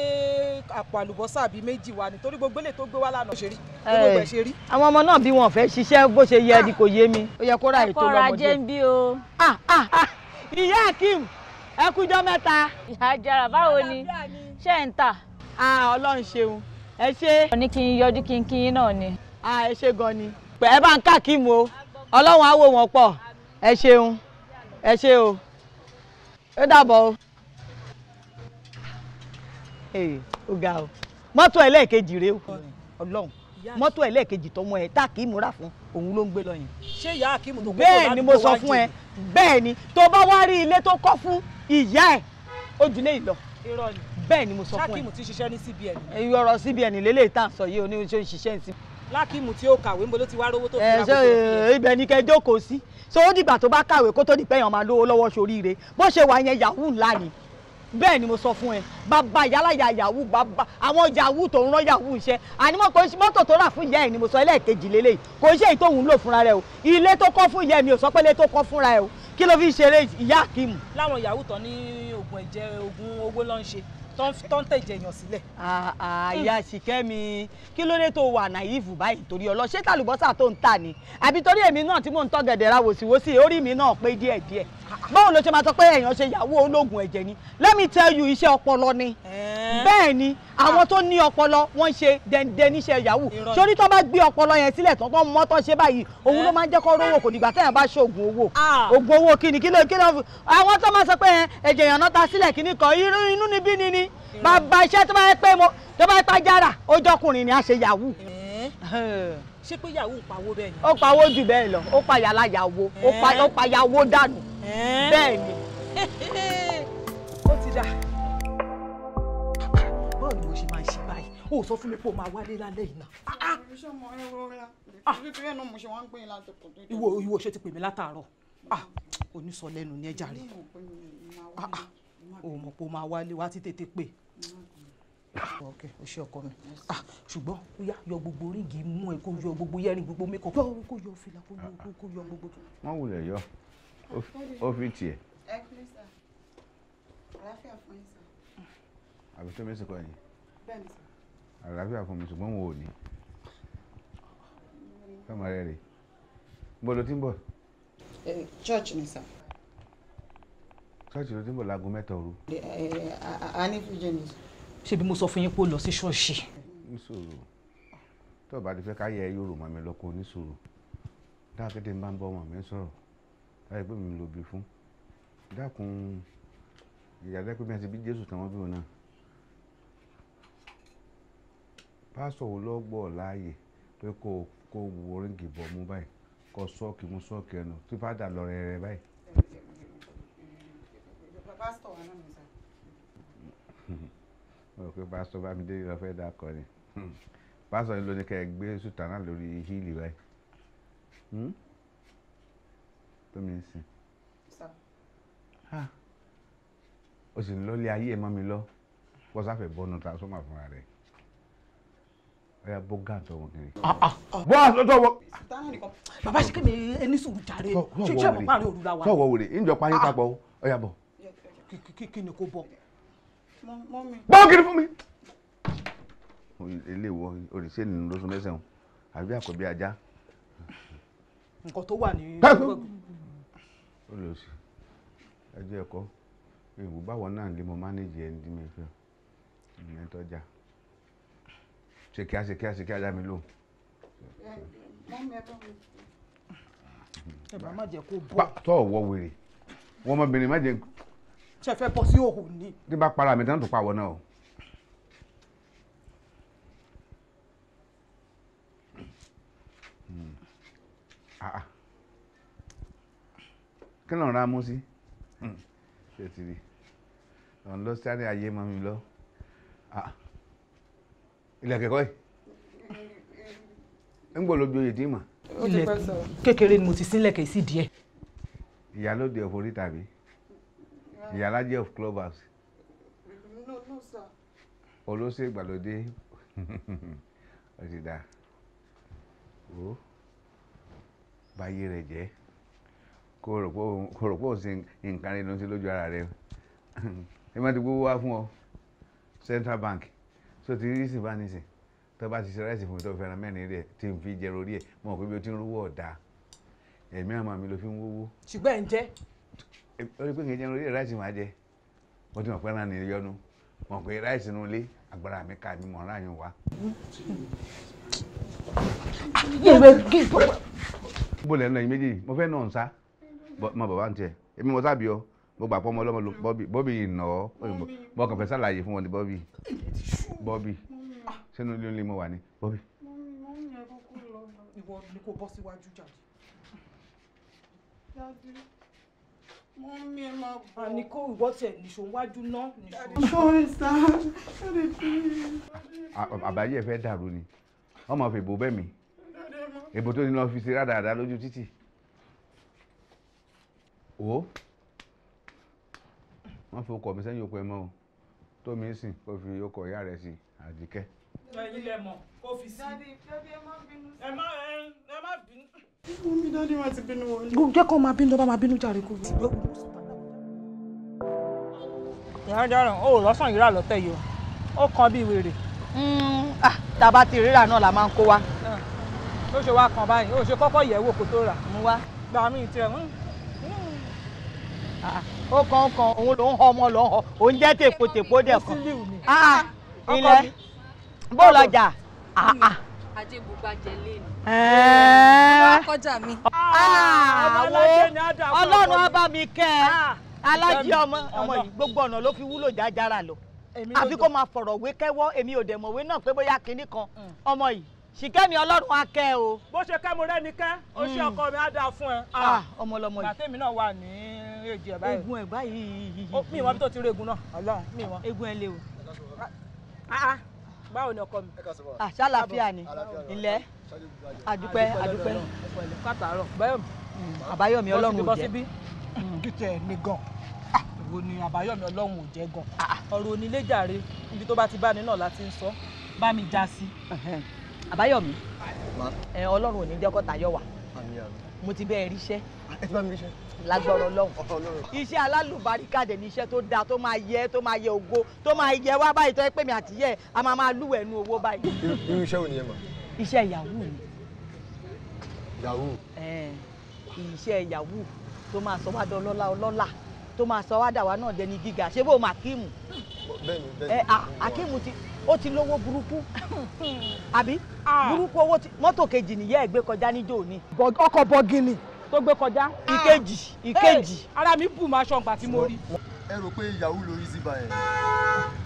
àpò àlùbọ́sà bíi méjì wá nítorí gbogbo èlé tó gbé wá lánàá ṣe rí gbogbo ẹ̀ ṣe rí. Eh, àwọn ọmọ náà bí wọn fẹ́ ṣiṣẹ́ bó ṣe yẹ ni kò yé mi ah, ó yẹ kó ra ètò lọ́mọdé. ẹ̀kọ́ ra jẹ́ ń bí o. Ah, ah, ìyá akeem ẹ kújọ́ mẹ́ta. ìyá àjàrà báwo ni ṣé ń tà. ọlọ́run ṣeun ẹ ṣe. ọ ní kí n yọjú kí n kí yín náà ni. ẹ ṣe gan ni. pẹ̀ ẹ bá ń ká akeem o ọlọ́run á wò wọ́n pọ̀ ẹ ṣeun ẹ ṣe o ó dàbọ̀ o ó ga o mọ́tò ẹlẹ́ẹ̀kejì rèé o ọlọ́run mọ́tò ẹlẹ́ẹ̀kejì tọmọ ẹ̀ tá kì í múra fún òun ló ń gbé lọ yẹn. ṣé ìyá akíìmù tó gbọ́dọ̀ láti bẹ́ẹ̀ ni mo sọ fún ẹ bẹ́ẹ̀ ni tó bá wá rí ilé tó kọ́ fún ìyá ẹ̀ ojúlé ìlọ bẹ́ẹ̀ ni mo sọ fún ẹ. ṣákìmù ti ṣiṣẹ́ ní CBN. ẹyọ ọ̀rọ̀ CBN lélẹ́yìí tá à sọ yìí oníṣẹ́ ìṣiṣẹ́ ń sin. lákìmù tí ó kàwé mo ló ti wá rówó tó fi ra gbogbo ẹ. ibẹ̀ ni kẹ́ jókòó sí so ó dìgbà tó bá kàwé kó tó dìpẹ́yàn máa lówó lọ́wọ́ sóríire bó ṣe wà yẹn yahoo ńlá ni bẹ́ẹ̀ ni mo sọ fún ẹ bàbá yálàyà yahoo bàbá àwọn yahoo tó ń rán yahoo iṣẹ́ ànímọ́ kò ṣe mọ́tò tó rà fún ìyá ẹ̀ ni mo sọ ẹlẹ́ẹ̀kejì lélẹ́yìí kò ṣe èyí tó ń lò fúnra rẹ o ilé tó kọ́ fún ìyá ẹ̀ mi ò sọ pé ilé tó kọ́ fúnra ẹ o kí ló fi ṣeré ìyá Akeem. láwọn yahoo tán ní oògùn ẹ̀jẹ̀ oògùn owó ló ń ṣe tó ń tẹ̀jẹ̀ èèyàn sílẹ̀. àyà hmm. ṣìkẹ́mi kí ló dé tó wà nàìfù báyìí torí ọlọ ṣé tàlùbọ́sà tó ń tà ni àbí torí èmi náà tí mò ń tọ́gẹ̀dẹ̀ ra wòsíwòsí orí mi náà pé díẹ̀ díẹ̀ báwo ló ṣe máa sọ pé èèyàn ṣe yàwó ológun ẹ̀jẹ̀ ni let me tell you iṣẹ́ ọpọlọ ni bẹ́ẹ̀ ni àwọn tó ní ọpọlọ wọn ṣe dẹndẹn níṣẹ́ yahoo sórí tó bá gbé ọpọlọ yẹn sílẹ̀ tó tó mọ tó ṣe báyìí òun ló máa ń jẹ́ kó rówó kò nígbà téèyàn bá ṣoògùn owó oògùn owó kíni kí ló kí ló àwọn tó máa sọ pé ẹ̀jẹ̀ yànnà ta sílẹ̀ kíní kan irú inú ni bí ni ni bàbá iṣẹ́ tó bá yẹ pé mo tó bá yẹ pé ajára ojọkùnrin ni a ṣe yahoo ṣé pé yahoo pawó bẹ́ẹ̀ ni. ó pawó jù bẹ́ẹ̀ lọ ó pa yàrá yàwó ó pa yàwó dànù bẹ́ẹ̀ ni <laughs> ó ti dáa báwo ni mo ṣe máa ṣe báyìí o sọ fún mi pé o máa wálé lálẹ́ yìí náà. iṣẹ́ ọmọ ẹ rọra nítorí ẹ̀ náà mo ṣe wá ń pè é látọkọ̀ tó dé. ìwọ ìwọ ṣe ti pè mí látàárọ̀ ah, onísọ lẹ́nu ní ẹja rẹ̀ ah, ah. o mọ̀ pé o máa wálé wá ti tètè pè. ok o ṣe ọkọ mi ṣùgbọ́n ó yá yọ gbogbo ríǹgì mú ẹ kó yọ gbogbo yẹ́rìn gbogbo mẹ́kọ̀ yọ kó yọ fìlà kó yọ gbogbo. wọ́n wulẹ̀ yọ ó fi tiẹ̀. ẹ kúlẹ̀ sà àlàáfíà fún yín sà. àbí tó mẹ́sàn-án kọ́ yín àlàáfíà fún mi ṣùgbọ́n wọn ò ní fẹ́mọ̀ rẹ rè bó ló ti ń bọ̀. church ni sir. church ló ti ń bọ̀ láago mẹ́ta òru. a ní fújì ni. ṣebí mo sọ fún yín pé ó lọ sí ṣọ́ọ̀ṣì. níṣòro tó o bá ti fẹ́ ká yẹ yòrò mọ́ mi lọ́kọ níṣòro dáàkéde ń bá ń bọ́ ọmọ mi sọ̀rọ̀ láì pé mi ló bí fún dákun ìyá dẹ́pẹ́ mi àti bí Jésù tàwọn bí wọn náà pásítọ̀ wo ló gbọ́ láàyè pé kó kó wo oríǹgì bọ̀ mú báyìí kó sọ́ọ̀kì mú sọ́ọ̀kì ẹnu tí bá dà lọ rẹ̀ rẹ̀ báyìí. pásítọ̀ wa náà mi sá. <laughs> mo rò pé pásítọ̀ bá mi dé ìlọ fẹ́ dà kọ́ ni <laughs> pásítọ̀ ló ní kẹ́ ẹ gbé sùtánà lórí híìlì báyìí hmm? tó mi ń sìn. o sì ń lọ ilé ayé ẹ mọ́ mi lọ kó sáfẹ́ bọ́nu transformer fúnra rẹ̀ ọ̀yà bọ́ gán àtọ̀ wọn kiri. bọ́ àtọ̀ wọn. bàbá ṣe kémi ẹni sùn jàre ṣíṣe mọ̀ parí òru la wa. sọ̀wọ́ wòlé ìjọ pa yín ah. papọ̀ ọ̀yà bọ̀. kí ni kò bọ̀. bọ́ kiri fún mi. ilé ìwọ òrìṣẹ́ nínú lóṣù mẹ́sàn-án àbí àkọ́bí ajá. nǹkan tó wà ní. ó lè ṣe ẹjọ́ ẹ̀kọ́ ìwú báwọn náà lè mọ mánéjì ẹni dín mi fẹ́ ìyẹn tọ́jà se kíá ṣe kíá ṣe kíá dá mi lò. ẹ bá má jẹ kó bọ. tọ́ ọ̀wọ́ wèrè wọ́n ọmọbìnrin má jẹ. ṣe fẹ́ bọ́ sí òhò ni. tí bá para mi tán tó pa àwọn náà o. Hmm. Ah, ah. kí ló ń ra mú sí hmm. ṣe ti rí ọ̀n lọ sí ayé mọ́ mi lọ. Ah, ilẹ̀ kẹ̀kọ́ yìí ń gbọ́ lójú oyè tí mà. ilẹ̀kùn kékeré ni mo ti sílẹ̀ kẹ́ sí díẹ̀. ìyálóde of oríta mi ìyálájẹ of club house. olóṣè ìgbàlódé ó ti dà ó báyé rẹ̀ jẹ́ kó rò pé òun ṣe nǹkan rẹ̀ ló ń ṣe lójú ara rẹ̀ ẹ má ti gbówó wá fún ọ central bank so ti rí sìn bá ní sìn tó bá ti ṣe ráìsì fún mi tó fẹ́ràn mẹ́rin rẹ̀ tí n fi jẹ orí ẹ̀ mọ̀ pé bí o ti ń rówó ọ̀dà ẹ̀mí àmọ́ mi ló fi ń wówó. ṣùgbọ́n ẹ̀ ń jẹ́. ó rí pé kì í jẹ orí ẹ̀ ráìsì máa jẹ mo ti mọ̀ pé rán ni yọnu mọ̀ pé ráìsì inú ilé agbára mi ká mi mọ̀ ọ́n ráàyàn wá. bó lẹ́nu ẹ̀yin méjì mo fẹ́ nà ọ̀nsá mọ bàbá ń tiẹ̀ èmi mo sábì ọ́ mo gbà pọ́ ọmọ ọlọ́mọ bọ́bí bọ́bí ìnà ọ́ mo kàn fẹ́ sàlàyé fún wọn ní bọ́bí bọ́bí sínú ilé olè mo wà ní bọ́bí. ìwọ ni kò bọ́ síwájú jáde. mo mi ẹ máa bọ̀. àní kó ìwọ tẹ nìṣó wájú náà nìṣó. sorry sir sorry please. Ah, àbáyé ẹ fẹ́ dàrú ni wọ́n fi èbò bẹ́ẹ̀ mi èbò tó ní lọ́ọ́ fi ṣe rádaràda lójú títì. wo. Oh má fi okọ̀ mi sẹ́yìn okọ̀ ẹ mọ́ o tó mi sìn kó fi okọ̀ ìyá rẹ̀ sí àdìkẹ́. ẹ̀yin lẹ mọ̀ kó fi sí. ẹ má ẹ má bínú. mo mi dáadé wá ti bínú wọlé. gbogbo jẹ́ kó máa bínú tó bá máa bínú jàre kó. ìyá dáràn ó lọ́sàn yìí rà lọ́tẹ̀ yìí o ó kan bí wèrè. Hmm, ah, tàbá ti rírà náà la máa ń kó wa. ó ṣe wá kan báyìí ó ṣe kọ́kọ́ yẹ̀ wò kó tó rà. mo wá. gbàmí tiẹ̀ ó kàn kàn òun ló ń họ ọmọ ló ń họ òun jẹ́ tèpo tèpo dẹ̀ kan ah, ah, ilẹ̀ bó lọjà ajébùbàjẹ́ lé ni. kọjá mi. Ah, ọlọ́run á bá mi kẹ́ ẹ alájí ọmọ ọmọ yìí gbogbo ọ̀nà ló fi wúlò jájára lọ àfi kó máa fọ̀rọ̀ wé kẹ́wọ́ èmi ò dẹ̀ mọ̀wé náà pé bóyá kinní kan mm. ọmọ yìí ṣìkẹ́mi ọlọ́run á kẹ́ o. bó ṣe kẹ́ mo rẹ́ni kẹ́ ó ṣe mm. ọkọ mi á dáa fún ẹ. ọmọ ọlọmọ yìí bàtẹ́mi náà wà ní ní èjì ẹ̀ báyìí. egun ẹ̀ báyìí. mi ìwọ bí tó ti rí egun náà. Ọlọ́run mi ìwọ. egun ẹ̀ lé o. Ah, ah. báwo ni ọkọ mi. àṣàlàfíà ah, ni ilẹ̀ àdúpẹ́ àdúpẹ́. kàtàárọ̀ báyọ̀mí. Hmm, àbáyọ̀mí ọlọ́run ò jẹ́. kìtẹ̀ hmm. ni gan. èwo ni àbáyọ̀mí ọlọ́run ò jẹ́ gan. ọ̀rọ̀ onílé jàre ibi tó bá ti bá ni náà láti ń sọ bá mi já sí. àbáyọ̀mí ọlọ́run ò ní jẹ́ kó tayọ wá. àmín mo ti bẹ́ẹ̀ ríṣẹ́. Ah, ẹ ti bá mi ríṣẹ́. lágbọ̀rọ̀ lọ́hùn. iṣẹ́ alálùbáríkà dẹ̀ iṣẹ́ tó dáa tó máa yẹ tó máa yẹ ògo tó máa yẹ wá báyìí tó yẹ pé mi àti yẹ a máa máa lúwẹ̀ nu owó báyìí. irú iṣẹ́ wo nìyẹn mà. iṣẹ́ yahoo ni. yahoo. iṣẹ́ yahoo tó máa sọ wá dán ọlọ́lá ọlọ́lá tó máa sọ wá dà wá náà dẹni gíga ṣé bó máa kíìmù. bẹ́ẹ̀ni bẹ́ẹ̀ni. Ah, ó ti lówó burúkú <laughs> àbí ah. burúkú owó ti mọ́tò kejì nìyẹ́ ẹ̀ gbé kọjá níjó ni. ọkọ̀ bọ̀gìnì tó gbé kọjá. Ah. ìkejì ìkejì. ara mi bù máa ṣọ̀gbà tí mo rí. ẹ rò pé yahoo lórí zimba yẹn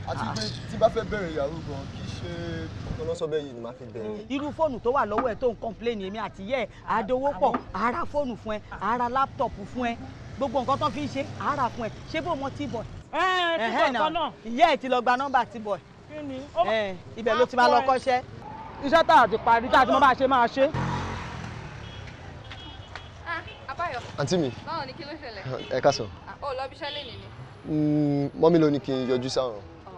àti pé tí bá fẹ́ bẹ̀rẹ̀ yahoo gan kì í ṣe ọlọ́sọ̀bẹ yìí ni màá fi bẹ̀rẹ̀. Hmm. irú fóònù tó wà lọ́wọ́ ẹ tó ń kọ́ńpléènì èmi àti yẹ́ àdówó pọ̀ ara fóònù fún ẹ ara láptọ̀pù fún ẹ gbogbo nǹkan tó fi ń ṣe ara fún ẹ ṣé bó mọ tí eh, bọ̀. ẹ ẹ tí kọ̀ọ̀kan náà. ti lọ gba nọ́mbà tí bọ̀ ibẹ̀ ló ti máa lọ kọ́ṣẹ́ iṣẹ́ tá a ti parí tá a ti mọ bá a ṣe máa ṣe. Abáyọ̀. Ah, àǹtí mi. báwo ni kí ló ṣẹlẹ̀. ẹ ká sọ. ó lọ bíṣẹ́ lé nìyí. Mm, mọ́mí ló ní kí n yọjú sáwọn. Oh,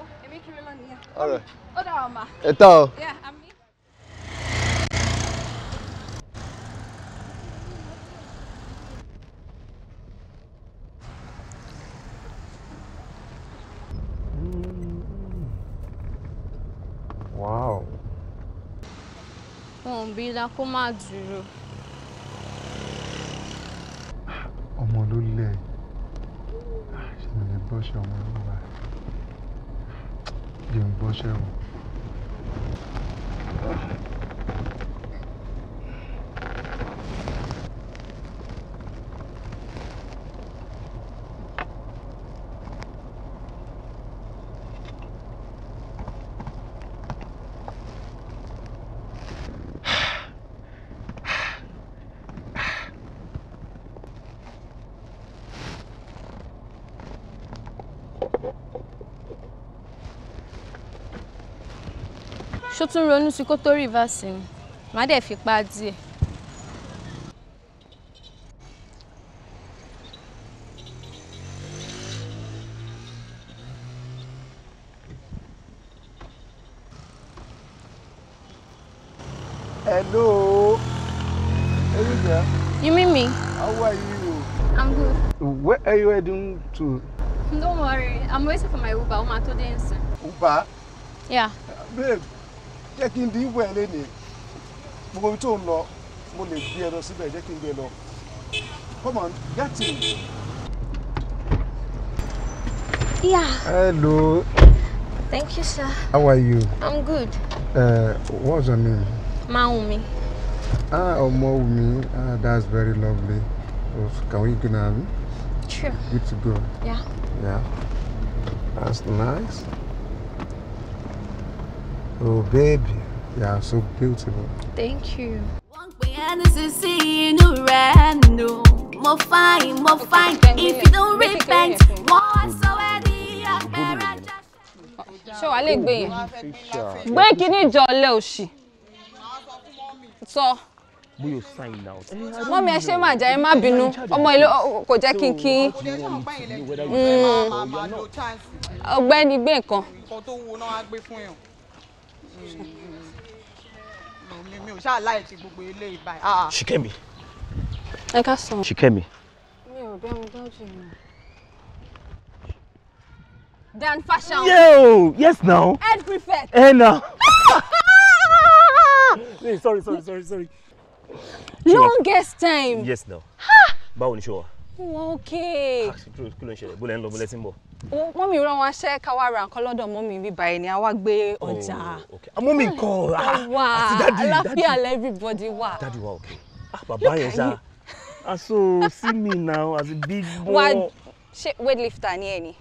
oh, èmi kiri lọ nìyẹn. ọ̀rẹ́ ó o. ọ̀nbílà kó má dúró. ọmọ ló lẹ̀ ṣe mi lè bọ́ṣẹ́ ọmọ ló wà jẹun bọ́ṣẹ́ o. ṣó tún ronú sí kó tó rìvásì ni má dẹ̀ fipá díẹ̀. Hello. Hello there. You mean me? How are you? I'm good. What are you heading to? Don't worry. I'm waiting for my Uber. Uma to dance. Uber? Yeah. Uh, babe, jẹ́ kí n di ìwọ ẹ̀ gbogbo ibi tó ń lọ mo lè gbé ẹ lọ síbẹ̀ jẹ́ kí n gbé ẹ lọ come on get in. Yeah. Hello. Thank you, sir. How are you? I'm good. Uh, what's your name? Maumi. Ah, oh, Maumi. Ah, that's very lovely. So can we go now? Sure. Good to go. Yeah. Yeah. That's nice. Oh, baby, you are so beautiful. Thank you. More fine, more fine. If you don't repent, what's already a marriage? Ṣé wàá lè gbé yẹn? Gbé kínní ìjọlẹ̀ òṣì. Will sign out? Mọ́mí ẹ ṣe máa jẹ́ ẹ má bínú. Ọmọ ilé kò jẹ́ kí n kí. Hmm. Ọgbẹ́ni She came me. I got some. She came me. ṣìkẹ́mi. dan fashion. yo yes now. And prefect. ẹ na. sorry sorry sorry sorry. longest time. yes now. báwo ni ṣe wà wọn òkè. àṣìkò kí ló ń ṣẹlẹ̀ bólẹ̀ ń lọ bólẹ̀ tí ń bọ̀. mọ́mí rán wọn aṣẹ́ káwá ra nǹkan lọ́dọ̀ mọ́mí bí báyìí ni a wá gbé ọjà. mọ́mí kọ́ wá àlàáfíà lẹ́ everybody wà. dadi wa òkè bàbá yẹn ṣá aso see me now as a big boy. wá ṣe weightlifter ni ẹ ni.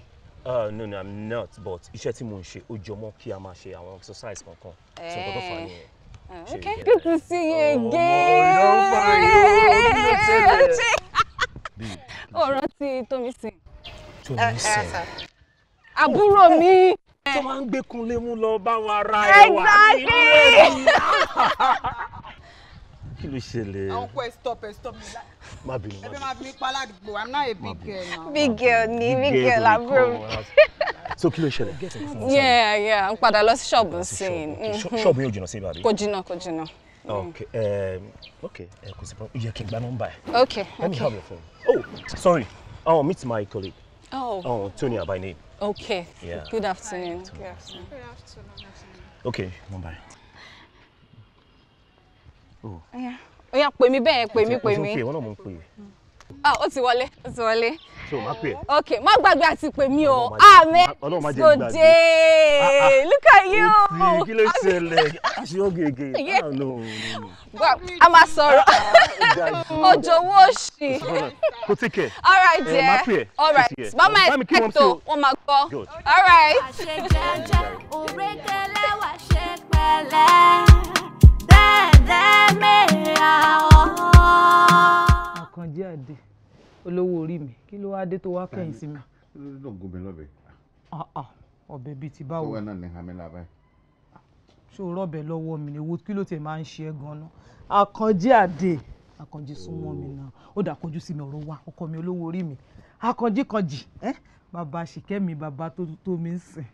Uh, no no i'm not but iṣẹ́ tí mo ń ṣe ó jọmọ́ kí a máa ṣe àwọn exercise kankan so nǹkan tó fà á nìyẹn. Uh, okay. Good to see you again. Oh, my God. Babe, ó rántí Tómisìn. Tómisìn. Eh, eh, àbúrò mi. tó máa ń gbé kunlé mú lọ bá wa ra ẹwà nínú ẹbí. <laughs> kí ló ṣẹlẹ̀. àwọn kò ẹ stop ẹ stop mi má bínú má bínú. ẹbí máa bí mi pa aládùúgbò i'm not a big girl now. big girl ni big girl àbúrò. so kí ló ṣẹlẹ̀. yeah yeah n padà lọ sí ṣọ́ọ̀bù sí i. ṣọ́ọ̀bù mm-hmm. yóò jìnnà sí ibà rí. kò jìnnà kò jìnnà. Mm. Okay. Um, okay. Kò sí problem. Yẹ kí Okay. Let okay. me have your phone. Oh, sorry. Oh, meet my colleague. Oh. Oh, Tonya by name. Okay. Yeah. Good afternoon. Good afternoon. Good afternoon. Okay, nọ́mbà Oh. Yeah. pè mí bẹ́ẹ̀ pè mí pè mí. Mo ti ń pè wọ́n náà mo ah ó ti wọlé ó ti wọlé. so má pè é. ok má gbàgbé àti pè mí o amẹ sòdè ah, ah. look at you. ti kí ló ṣẹlẹ̀ aṣọ́gègè <laughs> a máa sọ̀rọ̀ ọjọ́ owó òṣì. kò tí kẹ̀ all right dear eh, má pè all right mama expect o wọ́n máa gbọ́ all right. àṣejẹjẹ òrékelẹ́wà ṣe pẹ̀lẹ́. jáde olówó orí mi kí ló wáá dé tó wá kẹ́yìn sí mi. ló ń gómìn lọ́bẹ̀. Ah, ah, ọbẹ̀ bíi ti báwo. owó náà ní hamila báyìí. ṣó rọ̀bẹ̀ lọ́wọ́ mi ni owó kí ló tẹ̀ máa ń ṣe é gan-an. àkànjí àdè àkànjí súnmọ́ mi oh. náà ó dà kojú sí mi ọ̀rọ̀ wa ọkọ mi olówó orí mi àkànjí kanjì bàbá ṣìkẹ́mi bàbá tó tó mi ń sìn.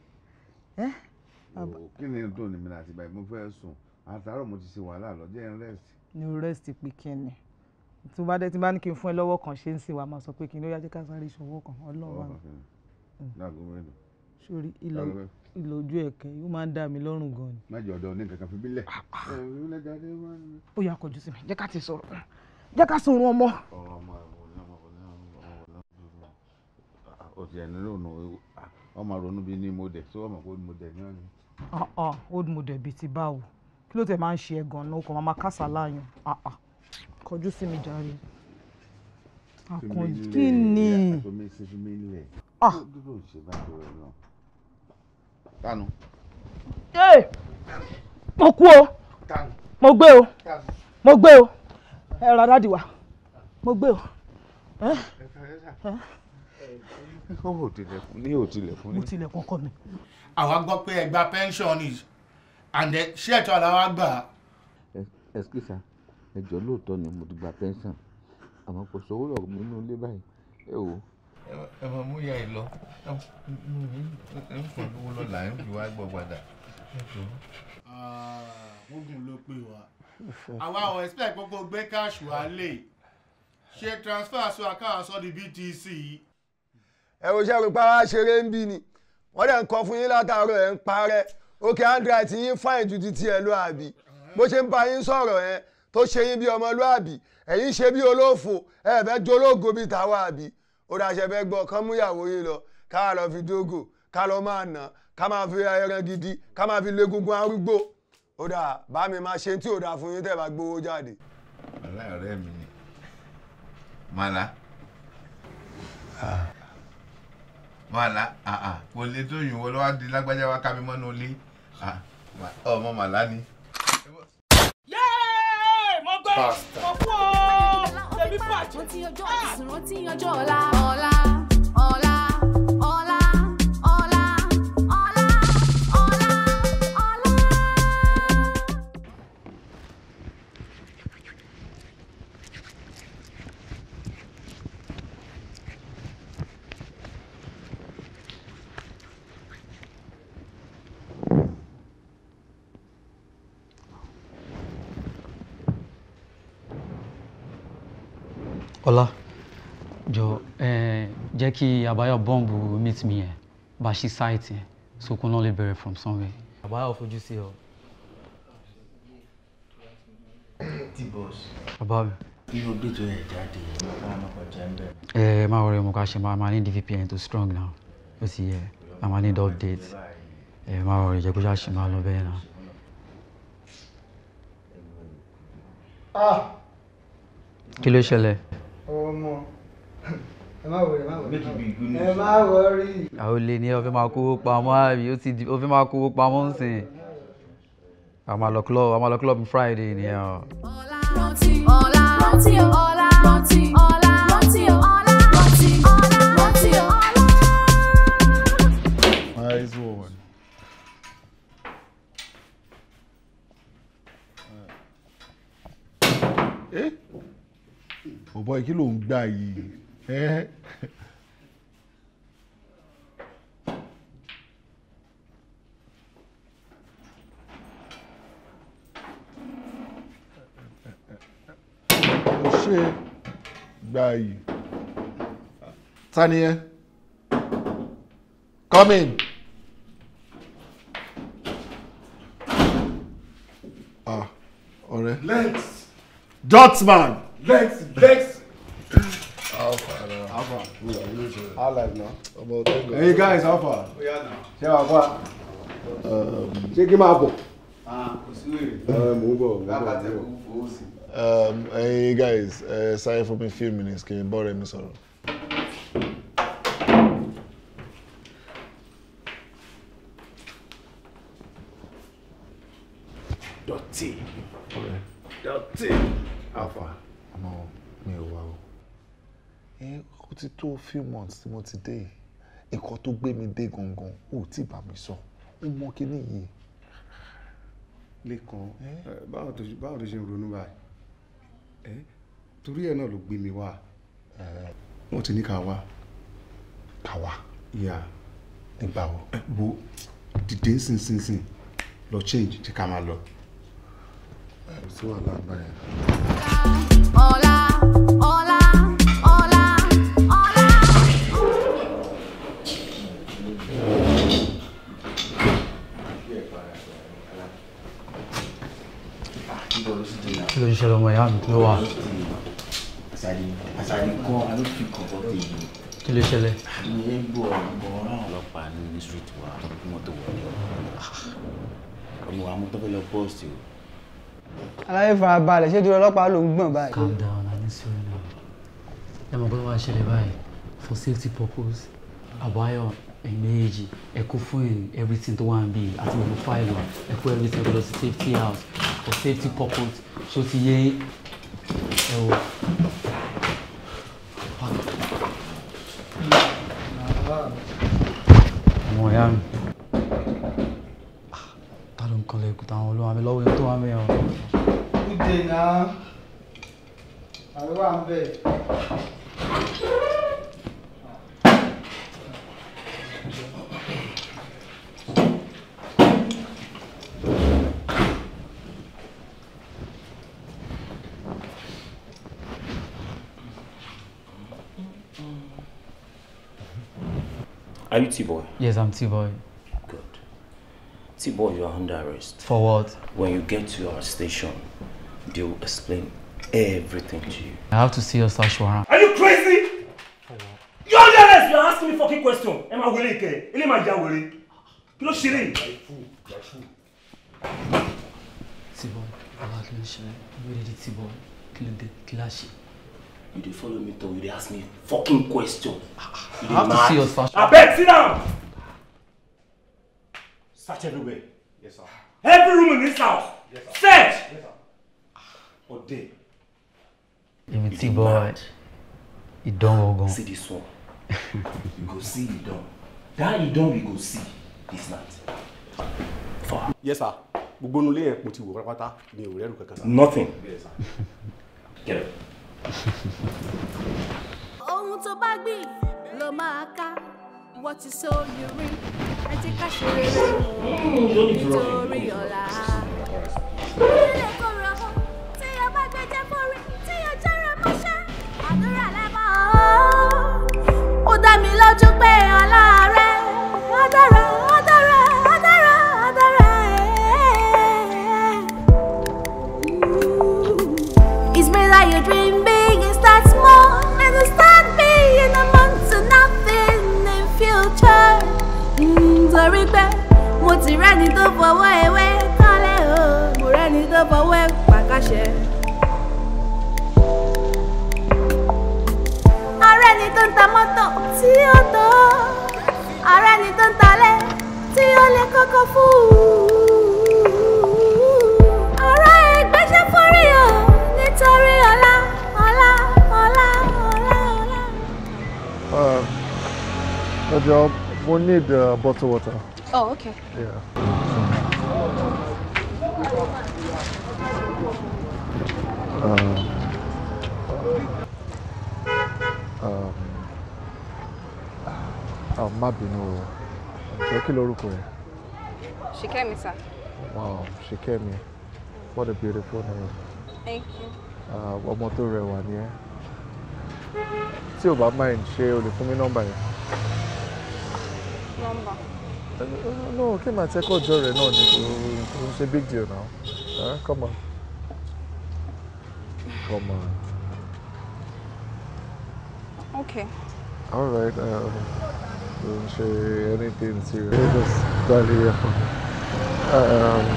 Oh, kí ni tó ní mi láti báyìí mo fẹ́ sùn àtàárọ̀ mo ti ṣe wàhálà lọ́jọ́ ẹ̀ ń rẹ́sì. ni rẹ́sì pé kí ni tí bá dé tí bá ní kí n fún ẹ lọ́wọ́ kan ṣe ń sìn wá máa sọ pé kí n ló yájẹ́ ká sáré ìṣòwò kan ọlọ́run àná sórí ìlò ojú ẹ̀kẹ́ yóò máa ń dá mi lọ́rùn gan ni. má jẹ ọ̀dọ̀ ní nǹkan kan fi bílẹ̀. ó yá kọjú sí mi jẹ́ ká ti sọ̀rọ̀ jẹ́ ká sọ̀rọ̀ ọmọ. o ti ẹni ronú ọmọ ronú bíi ní modẹ so ọmọ old modẹ ní ọ̀nì. old modẹ bíi ti báwo kí ló tẹ̀ máa ń ṣe ẹ̀ gan-an ó kàn máa kásà láàyàn kọjú sí mi jàre àkànjú kí ni. tanu. ee mo kú o mo gbé o mo gbé o ẹ rà dáàdì wa mo gbé o. ó ò tilẹ̀kùn ní ò tilẹ̀kùn ní. mo tilẹ̀kùn ọkọ mi. àwa gbọ́ pé ẹ gba pension is and ṣé ẹ̀tọ́ àlàáwá gbà. excuse me Ẹ jọ̀ọ́ lóòótọ́ ni mo ti gba pension, àmọ́ kò sówó lọ́wọ́ mi nínú ilé báyìí. Ẹ wò ó. Ẹ máa mú ìyá yìí lọ. Ẹ ń fún olówó lọ́la, ẹ ń fi wá gbọ́ padà. Ẹ jọ̀ọ́. Ah, ogun ló pè wá. Àwa ò expect gbogbo gbé cash wá lè. transfer sọ àkáwà di BTC? Ẹ wo ṣẹ́rù pa wá ṣeré ń bí ni. Wọ́n dẹ̀ ń kọ fún yín látàárọ̀ ẹ̀ ń parẹ́. Ókè André àti yín fáìn ju ti tiẹ̀ lọ àbí. Bó ṣe ń bá yín sọ̀rọ̀ yẹn tó ṣe yín bí ọmọlúàbí ẹ̀yin ṣe bí olófò ẹ fẹ́ jológo bíi tàwa àbí ó dáṣẹ fẹ́ gbọ́ kán mú ìyàwó yín lọ ká lọ fi dógò ká lọ máa nà ká máa fi ẹran gidi ká máa fi légungun arúgbó ó bá mi máa ṣe tí ò dáa fún yín tẹ́ bá gbowó jáde. aláàárẹ̀ mi ni màlá màlá kò lè tó yìnbọn lọ́wọ́ di lágbájá wa ká mi mọ́nú ilé ọmọ màlá ni bastard. ọ̀pọ̀ tẹ̀mí bàjẹ́. mo ti yanjú ọlá jọ jẹ́ kí àbáyọ bọ́ǹbù meet me yẹn bá ṣí sáìtì yẹn so kó náà lè bẹ̀rẹ̀ from somewhere. àbáyọ fojú sí ọ. t-boss. bàbá mi. irú gbèjọ yẹn jáde ọlá máa kọjá ń bẹ̀rẹ̀. ẹ ẹ máa wọrẹ mo ká ṣe máa máa ní dvpn tó strong now ó sì yẹ máa máa ní update ẹ máa wọrẹ jẹ kó ṣáà ṣe máa lọ bẹ́ẹ̀ náà. Ah! kí ló ṣẹlẹ̀ ọmọ ẹ má wọrí ẹ má wọrí ẹ má wọrí. àwọn olè ni ó fẹ́ máa kówó pamọ́ àbí ó ti ó fẹ́ máa kówó pamọ́ ń sìn club a máa lọ club friday nìyẹn. ọ̀la rántí ọ̀la rántí ọ̀la rántí ọ̀la. bọ̀bọ̀ kí ló ń gbà yìí ó ṣe gbà yìí ta ni ẹ come ah, Dutchman vex vex. Alpha, alpha. now. how now. ọmọ ọdún hey guys alpha. far. Oh, ṣé now. fà. what. kí n máa bọ̀. Ah, kò uh, Um, hey guys uh, sorry for me few minutes kí n bọ́ rẹ̀ mi ti tó few months tí mo ti dé yìí nǹkan tó gbé mi dé gangan ò tí bá mi sọ ó mọ kíní yìí. lẹ́kàn báwo ló ṣe ń ronú báyìí torí ẹ̀ náà ló gbé mi wá wọ́n ti ní ká wá. ká wá. ìyá nígbà wo. ẹ wo dìde nsinsinsin lọ change jẹ́ ká máa lọ. ẹ ò sí wàhálà báyẹn. ọ̀la. kí ló ń ṣẹlẹ̀ ọmọ ìyá mi kí ló calm down I'm need sorry now ẹ mọ̀ pé wàá ṣẹlẹ̀ for safety purpose àbáyọ̀ ẹ̀mẹ́jì ẹ̀kú fún everything tó wà ń bì àti gbogbo fáìlì ẹ̀kú everything to the safety house for safety purpose so ti yé ẹ wò. ọmọ ìyá mi ah, ta ló ń kan lè kúta àwọn olówó àmì lọ́wọ́ tó wà mí ọ. kúndé náà àríwá ń bẹ̀. you T-Boy? Yes, I'm T-Boy. Good. T-Boy, you are under arrest. For what? When you get to our station, they will explain everything to you. I have to see your search warrant. Are you crazy? You're under arrest! You're asking me fucking question. Am I willing? Am I willing? Kí ló ṣe léyìí? T-Boy, I'm ọlá kí ló ṣe? Ìwé ìdí T-Boy, kí ló dé? Kí ló ṣe? you dey follow me talk you dey ask me fucking question you dey mad abeg sit down search everywhere yes, sir. every room in this house yes, sir. search yes, sir. ọdẹ èmi tí bọ ìdán gone. see this one you go see ìdán that don we go see this night. Far. yes sir gbogbo nulẹ̀ ẹ̀ pọ̀ ti wò pátápátá mi ò rẹ́rù kankan. nothing. Yes, sir. Get up. <laughs> ohun tó bá gbìn ló máa ká wọ́n ti so you rí ẹ ti ká ṣe rere nítorí ọ̀la. ilé kòrò ọkọ tí yóò bá gbé jẹ́ fórí tí yóò jẹ́rẹ̀ mọ́ṣẹ́ àdúrà lẹ́bàá ó dá mi lójú pé. fọwọ́ ewé tọ́lẹ̀ o mo rẹ́ni tó fọwọ́ ẹ̀ pàkàṣẹ. ààrẹ ni tó ń ta mọ́tò tí ó tó ààrẹ ni tó ń talẹ̀ tí ó lè kọ́kọ́ fún un. ọ̀rọ̀ ìgbésẹ̀ we ah, need uh, bottled water. Oh, okay. Yeah. Um, um, um, má bínú o jọ kí lorúkọ ẹ. Ṣìkẹ́mi sá. wow Ṣìkẹ́mi what a beautiful name. thank you. What more to ni ẹ tí o bá mind ṣe o lè fún number. nọ́mbà yẹn. nọ́mbà. Eh, no kí màá tẹ́kọ̀ọ́ jọ rẹ̀ náà ni big deal now ah, come on come on. Okay. All right. Um, don't say anything serious. Just call here. Um,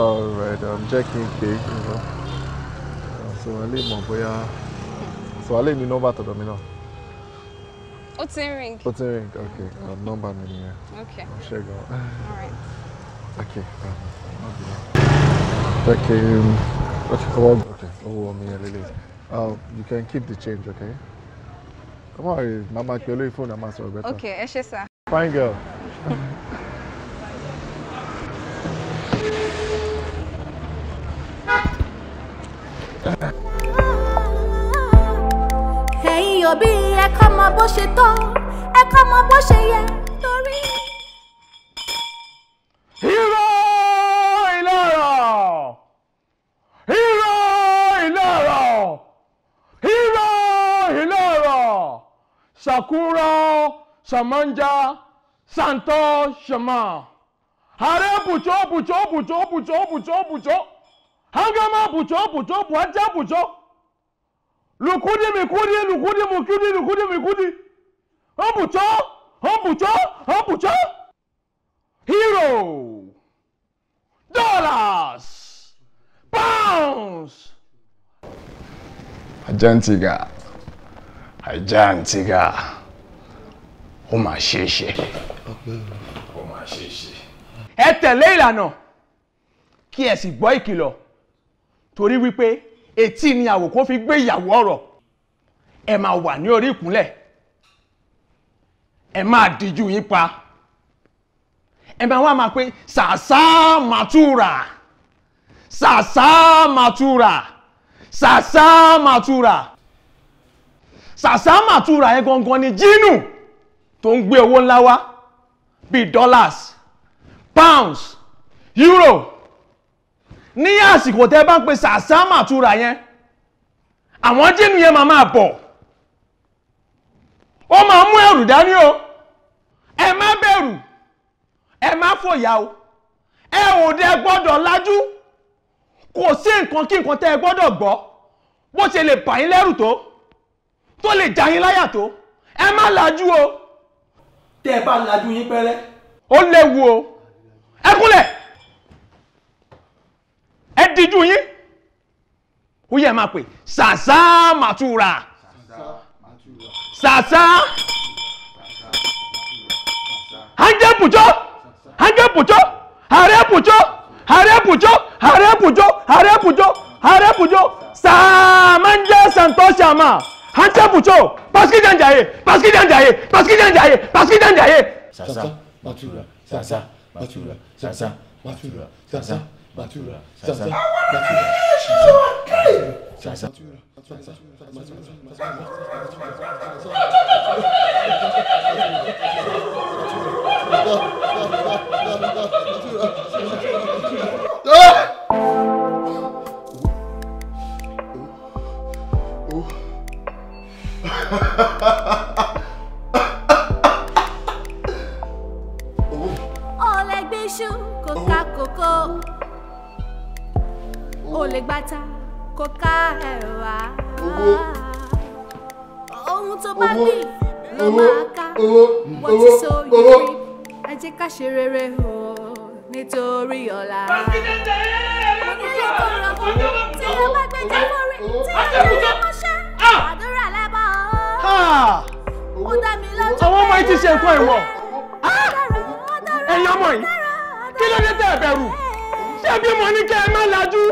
all right. I'm um, checking cake. Uh, so I leave my boya. Uh, so I leave my number to them. You know. Ó ti ń ring. Ó oh, ti ring. Okay. Um, number me here. Okay. I'm sure. All right. Okay. Um, Like, um, what you call Okay. Oh, I'm oh, here, Lily. Uh, you can keep the change, okay? Come on, Mama, your little phone, Mama, so better. Okay, yes, sir. Fine girl. ẹ̀yin òbí ẹ kọ́ mọ bó ṣe tọ́ ẹ kọ́ mọ bó ṣe yẹ torí. hero. Sakura Shamanja Santo Shema. Hare Bucho Bucho Bucho Bucho Bucho Bucho. Hangama Bucho Bucho Buaja Bucho. Lukudi Mikudi Lukudi Mukudi Lukudi Mikudi. Ombucho Ombucho Ombucho. Hero. Dollars. Pounds. Ajantiga ajá àǹtígà ó mà ṣe é ṣe ó mà ṣe é ṣe. ẹ tẹ̀lé ìlànà kí ẹ sì gbọ́ ìkìlọ̀ torí wípé etí ni àwòkọ́ fi gbé ìyàwó ọ̀rọ̀ ẹ máa wà ní orí ìkúnlẹ̀ ẹ máa díjú yín pa ẹ máa wá máa pé ṣàṣà màtúrà ṣàṣà màtúrà ṣàṣà màtúrà sàsámà túra yẹn gangan ni jínù tó ń gbé owó ńlá wá bíi dollars pounds euro ní àsìkò tẹ́ bá ń pe sàsámà túra yẹn àwọn jínù yẹn máa máa ó máa mú ẹrù dání o ẹ má bẹ̀rù ẹ má fòyà o ẹ ò dẹ gbọ́dọ̀ lájú kò sí nǹkan kí nǹkan tẹ́ ẹ gbọ́dọ̀ gbọ́ bó ṣe lè bà yín tó tó lè jà yín láyà tó ẹ má lajú o. tẹ́ ẹ bá lajú yín pẹ́rẹ́. ó léwu o ẹ kúnlẹ̀ ẹ díjú yín ó yẹ máa pè ṣàṣà màtúrà ṣàṣà hanjẹ pùjọ hanjẹ pùjọ ààrẹ pùjọ ààrẹ pùjọ ààrẹ pùjọ ààrẹ pùjọ ààrẹ pùjọ ṣàmánjẹ ṣàǹtọ́ṣàmà. Hantia parce qu'il est derrière parce qu'il est derrière parce qu'il est parce qu'il est ça Sasa, Olẹ̀gbẹ́sù kò ká kòkó. Olẹ̀gbàtà kò ká ẹ̀wà. Ohun tó bá gbìn ló máa so yìí rí. Ẹ jẹ́ ká ṣe rere o nítorí ọ̀la. Onílé kò rọ̀bù tí ẹ bá gbẹjọ́ mọ́rí tí ẹ bá ṣe. Ah! ó dá mi lọ́jọ́ àwọn ọmọ yìí ṣe nǹkan ìwọ ah! ah! ẹ̀yin ọmọ yìí kí ló dé tẹ́ ẹ bẹ̀rù ṣé bí mo ní kẹ́ ẹ má lajú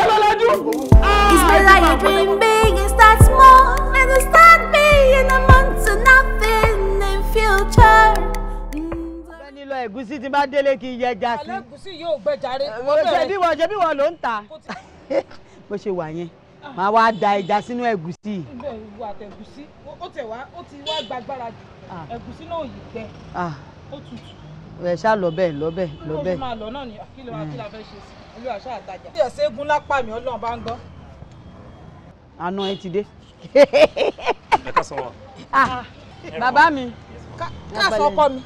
ẹ lọ lajú. It's been like you dream big and start small and you start big a amount to nothing in future. bẹ́ẹ̀ni lọ ẹ̀gúsí tí bá délé kí n yẹ ẹja sí. alẹ́ ẹ̀gúsí yóò gbẹ jàre. ṣe bí wọ́n ṣe ló ń ta <laughs> bó ṣe wà yẹn máa wá da ẹja sínú ẹ̀gúsí. ibẹ̀ ìwà àtẹ̀gúsí ó tẹ̀ wá ó ti wá gbàgbára jù ah. ẹ̀gúsí náà yìí gbẹ ah. ó tutù. ẹ ṣá lọ́bẹ̀ lọ́bẹ̀ lọ́bẹ̀. ó máa lọ náà ni kí ló wá kí la eh. fẹ́ ṣe sí olúwa ṣáà tajà. bí ọ̀sẹ̀ egun lápá mi ọlọ́run bá ń gbọ́. àna ẹ ti dé. ẹ ká sọ wọn. Ah, bàbá mi ká sọ ọkọ mi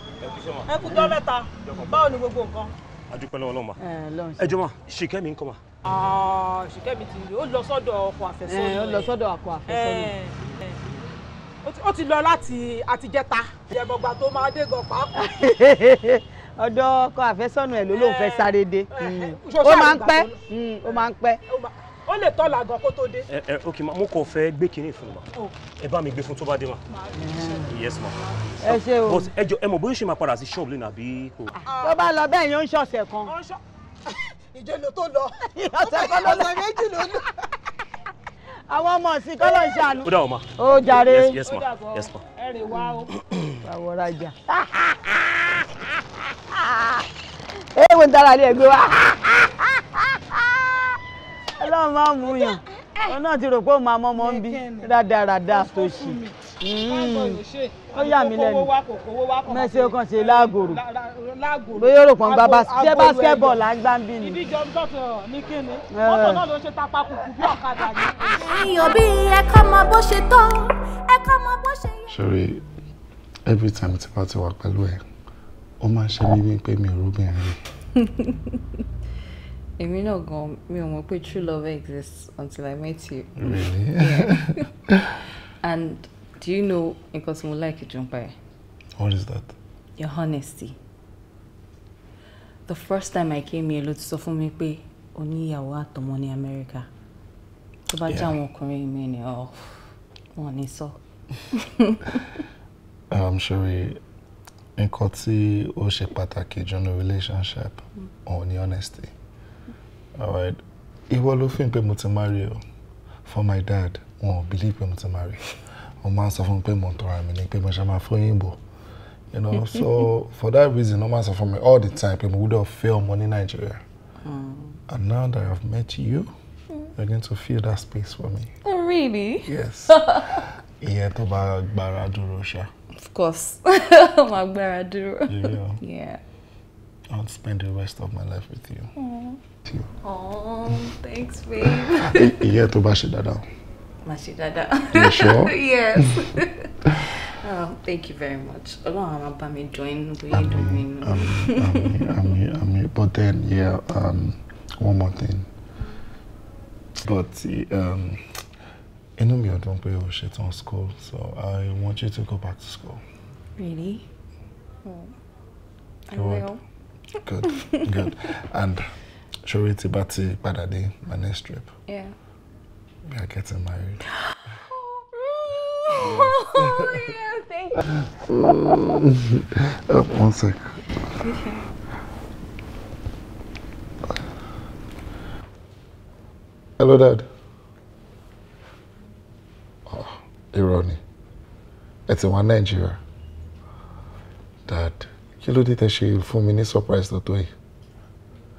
ẹ kú jọ mẹ́ta báwo ni gbogbo nǹkan. a dúpẹ́ lọ́wọ́ lọ́wọ́ eh, ma ẹ jọ ma ṣìkẹ́ mi ń kọ́ ma. Ah, ṣìkẹ́mi ti ó lọ sọ́dọ̀ ọkọ àfẹ́sọ́nà ẹ̀ eh, ó lọ sọ́dọ̀ ọkọ àfẹ́sọ́nà eh, eh. ó ti lọ láti àtijẹ́ta ìjẹ̀bọ̀gbà tó máa dé gan pàápàá. <laughs> ọ̀dọ̀ ọkọ àfẹ́sọ́nà ẹ̀ ló lóun fẹ́ sáré dé hmm. hmm, ó máa ń pẹ́ ó máa ń pẹ́ ó lè tọ́ làgàn kó tó dé. ẹ ẹ ok ma mo kàn fẹ́ gbé kinní fún ma oh. ẹ bá mi gbé fún tó bá dé ma yes ma. ẹ ṣe o but ẹ jọ ẹ mọ̀ bóyá ṣe máa padà sí ṣọ́ọ̀bù lẹ́nu àbí kò. tó bá lọ bẹ́ẹ̀ yóò ń ṣọ̀sẹ̀ kan. <laughs> ìjẹlò tó lọ <laughs> ọ̀sẹ̀ méjì ló lọ. àwọn ọmọ ọ̀sìn kọ́lọ̀ ń ṣàánú. ó dà wọ́n ma. ó jàre yes ma yes ma. ẹ wá o. báwo rajà. <laughs> ewu ń dára ní ẹgbẹ́ wa. <laughs> ọlọ́run máa mú yàn òun náà ti rò pé òun máa mọ́ ọmọ ń bí rádaràda tòṣì ó yà mí lẹ́nu mẹ́sẹ̀ ó kàn ṣe láàgòrò bóyá rò pọ̀n gba ṣé basketball là ń gbá ń bí ni. ìdíje ọdún tọ̀tọ̀ ní kíni ọkọ̀ náà ló ń ṣe tapa kùkù bí ọ̀kadà ni. èèyàn bí ẹ̀kọ́ mọ bó ṣe tó ẹ̀kọ́ mọ bó ṣe yẹ. ṣeré every time tí bá ti wà pẹ̀lú ẹ̀ ó máa ń ṣe mí wípé mi ò róbìnrin rẹ̀. <laughs> Èmi náà gan mi ò mọ̀ pé true love exists until I met you. Really? Yeah. <laughs> and Do you know nǹkan tí like jù nípa ẹ? What is that? Your honesty. The first time I came here ló ti me fún only pé o to money America. ní Amẹ́ríkà. Tó bá jẹ́ àwọn ọkùnrin mi ni ọ̀ oh, wọ́n ní sọ. I'm <laughs> um, sure nǹkan tí ó ṣe pàtàkì jù ní relationship òun ni honesty. Alright, ìwọ ló fi ń pé mo ti marry o. For my dad, wọn believe pé mo ti marry wọ́n máa ń sọ fún mi pé mo ń tọrọ àmì ni pé mo you know <laughs> so for that reason wọ́n máa sọ me, all the time pé mo gbọ́dọ̀ fẹ́ money Nigeria, Nàìjíríà hmm. and now that I've met you hmm. you're going to fill that space for me. Oh, really? yes <laughs> ìyẹn to bá gbára dúró ṣá. of course <laughs> máa gbára Duro. yeah. I'll spend the rest of my life with you. Aww. Hmm. With you. Aww, thanks, babe. yeah, to bash Dada. down. Masjid Dada. You sure? <laughs> yes. <laughs> oh, thank you very much. I'm about mi join I'm here, I'm here, but then yeah, um, one more thing. But um, I know inú mi ò dùn pé o dun your shit on school, so I want you to go back to school. Really? Oh. I will. Good, good, and. Sure, it's about to Badade, my next trip. Yeah. We are getting married. oh, yeah, thank you. uh, one sec. Okay. Hello, Dad. Oh, Ironi. It's in one Nigeria. Dad, you ló dé she ṣe fún mi surprise tó tó yìí?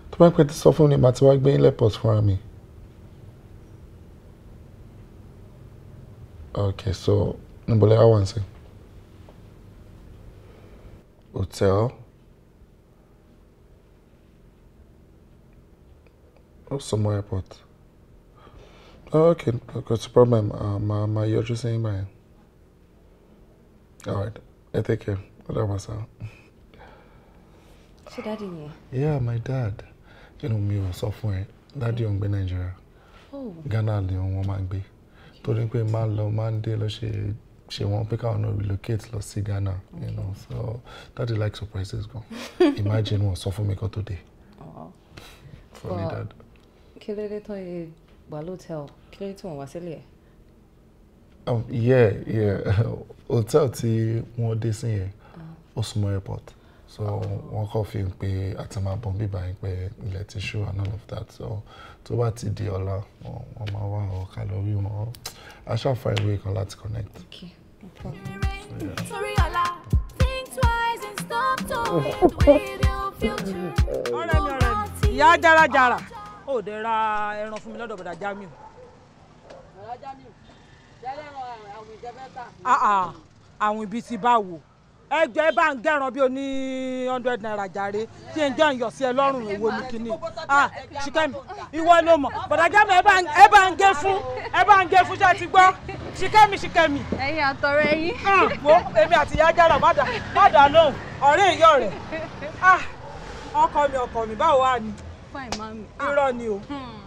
Tó bá pẹ́ ti sọ fún mi, màá ti wá gbé ilé Okay, so Nibola Awansi. Hotel. Oh, somewhere airport. Oh, okay, what's the problem? Uh, my, my, you're just saying mine. All right, I take care. That was Your Ṣé daddy yẹn? Yeah, my dad. You know, me ò sọ Daddy ò ń Nigeria. Oh. Ghana ni wọ́n máa torí pé máa man lọ man ń dé she she ṣe wọn pé káwọn relocate lọ si Ghana you know so that is like surprises gan imagine wọn sọ fún mi kan tó dé oh. for me dad. kí ló dé tán yìí wà lóòtẹ́ẹ̀l kí ló dé tí wọ́n wá Um, yeah, yeah. <laughs> Hotel tí wọ́n dé sí yẹn, ah. ó airport. So oh. wọ́n kọ́ fi ń pe àti máa bọ̀ bíbá yín and all of that. So tó bá ti di ọ̀la wọ́n máa wá ọ̀ kálórì wọn aṣáfà ìwé kan láti connect. think twice and stop talking <laughs> with your future. ọ̀rẹ́ mi ọ̀rẹ́ mi ìyá jarajara ó dẹ̀ ra ẹran fún mi lọ́dọ̀ bọ̀dà Jamiu. bọ̀dà Jamiu jẹ́lẹ̀ ẹran àwìn jẹ́ bẹ́ẹ̀ ta. Ah, ah. àwìn bíi ti báwo ẹjọ ẹ bá ń gẹran bí oní hundred naira jàre tí n jẹ́ ń yọ sí ẹ lọ́rùn ìwo ni kínní ah ṣìkẹ́mi ìwọ ló mọ̀ bọ̀dájàmọ̀ ẹ bá ń gé fún ẹ bá ń gé fún ṣáà ti gbọ́ ṣìkẹ́mi ṣìkẹ́mi. ẹyin àtọrọ ẹyin. mo èmi àti ìyá jára má dà lóhùn ọ̀rẹ́ ìyọ̀ rẹ̀ ah ọkọ mi ọkọ mi báwo wà ní. fine mami. irọ́ ni o. Hmm.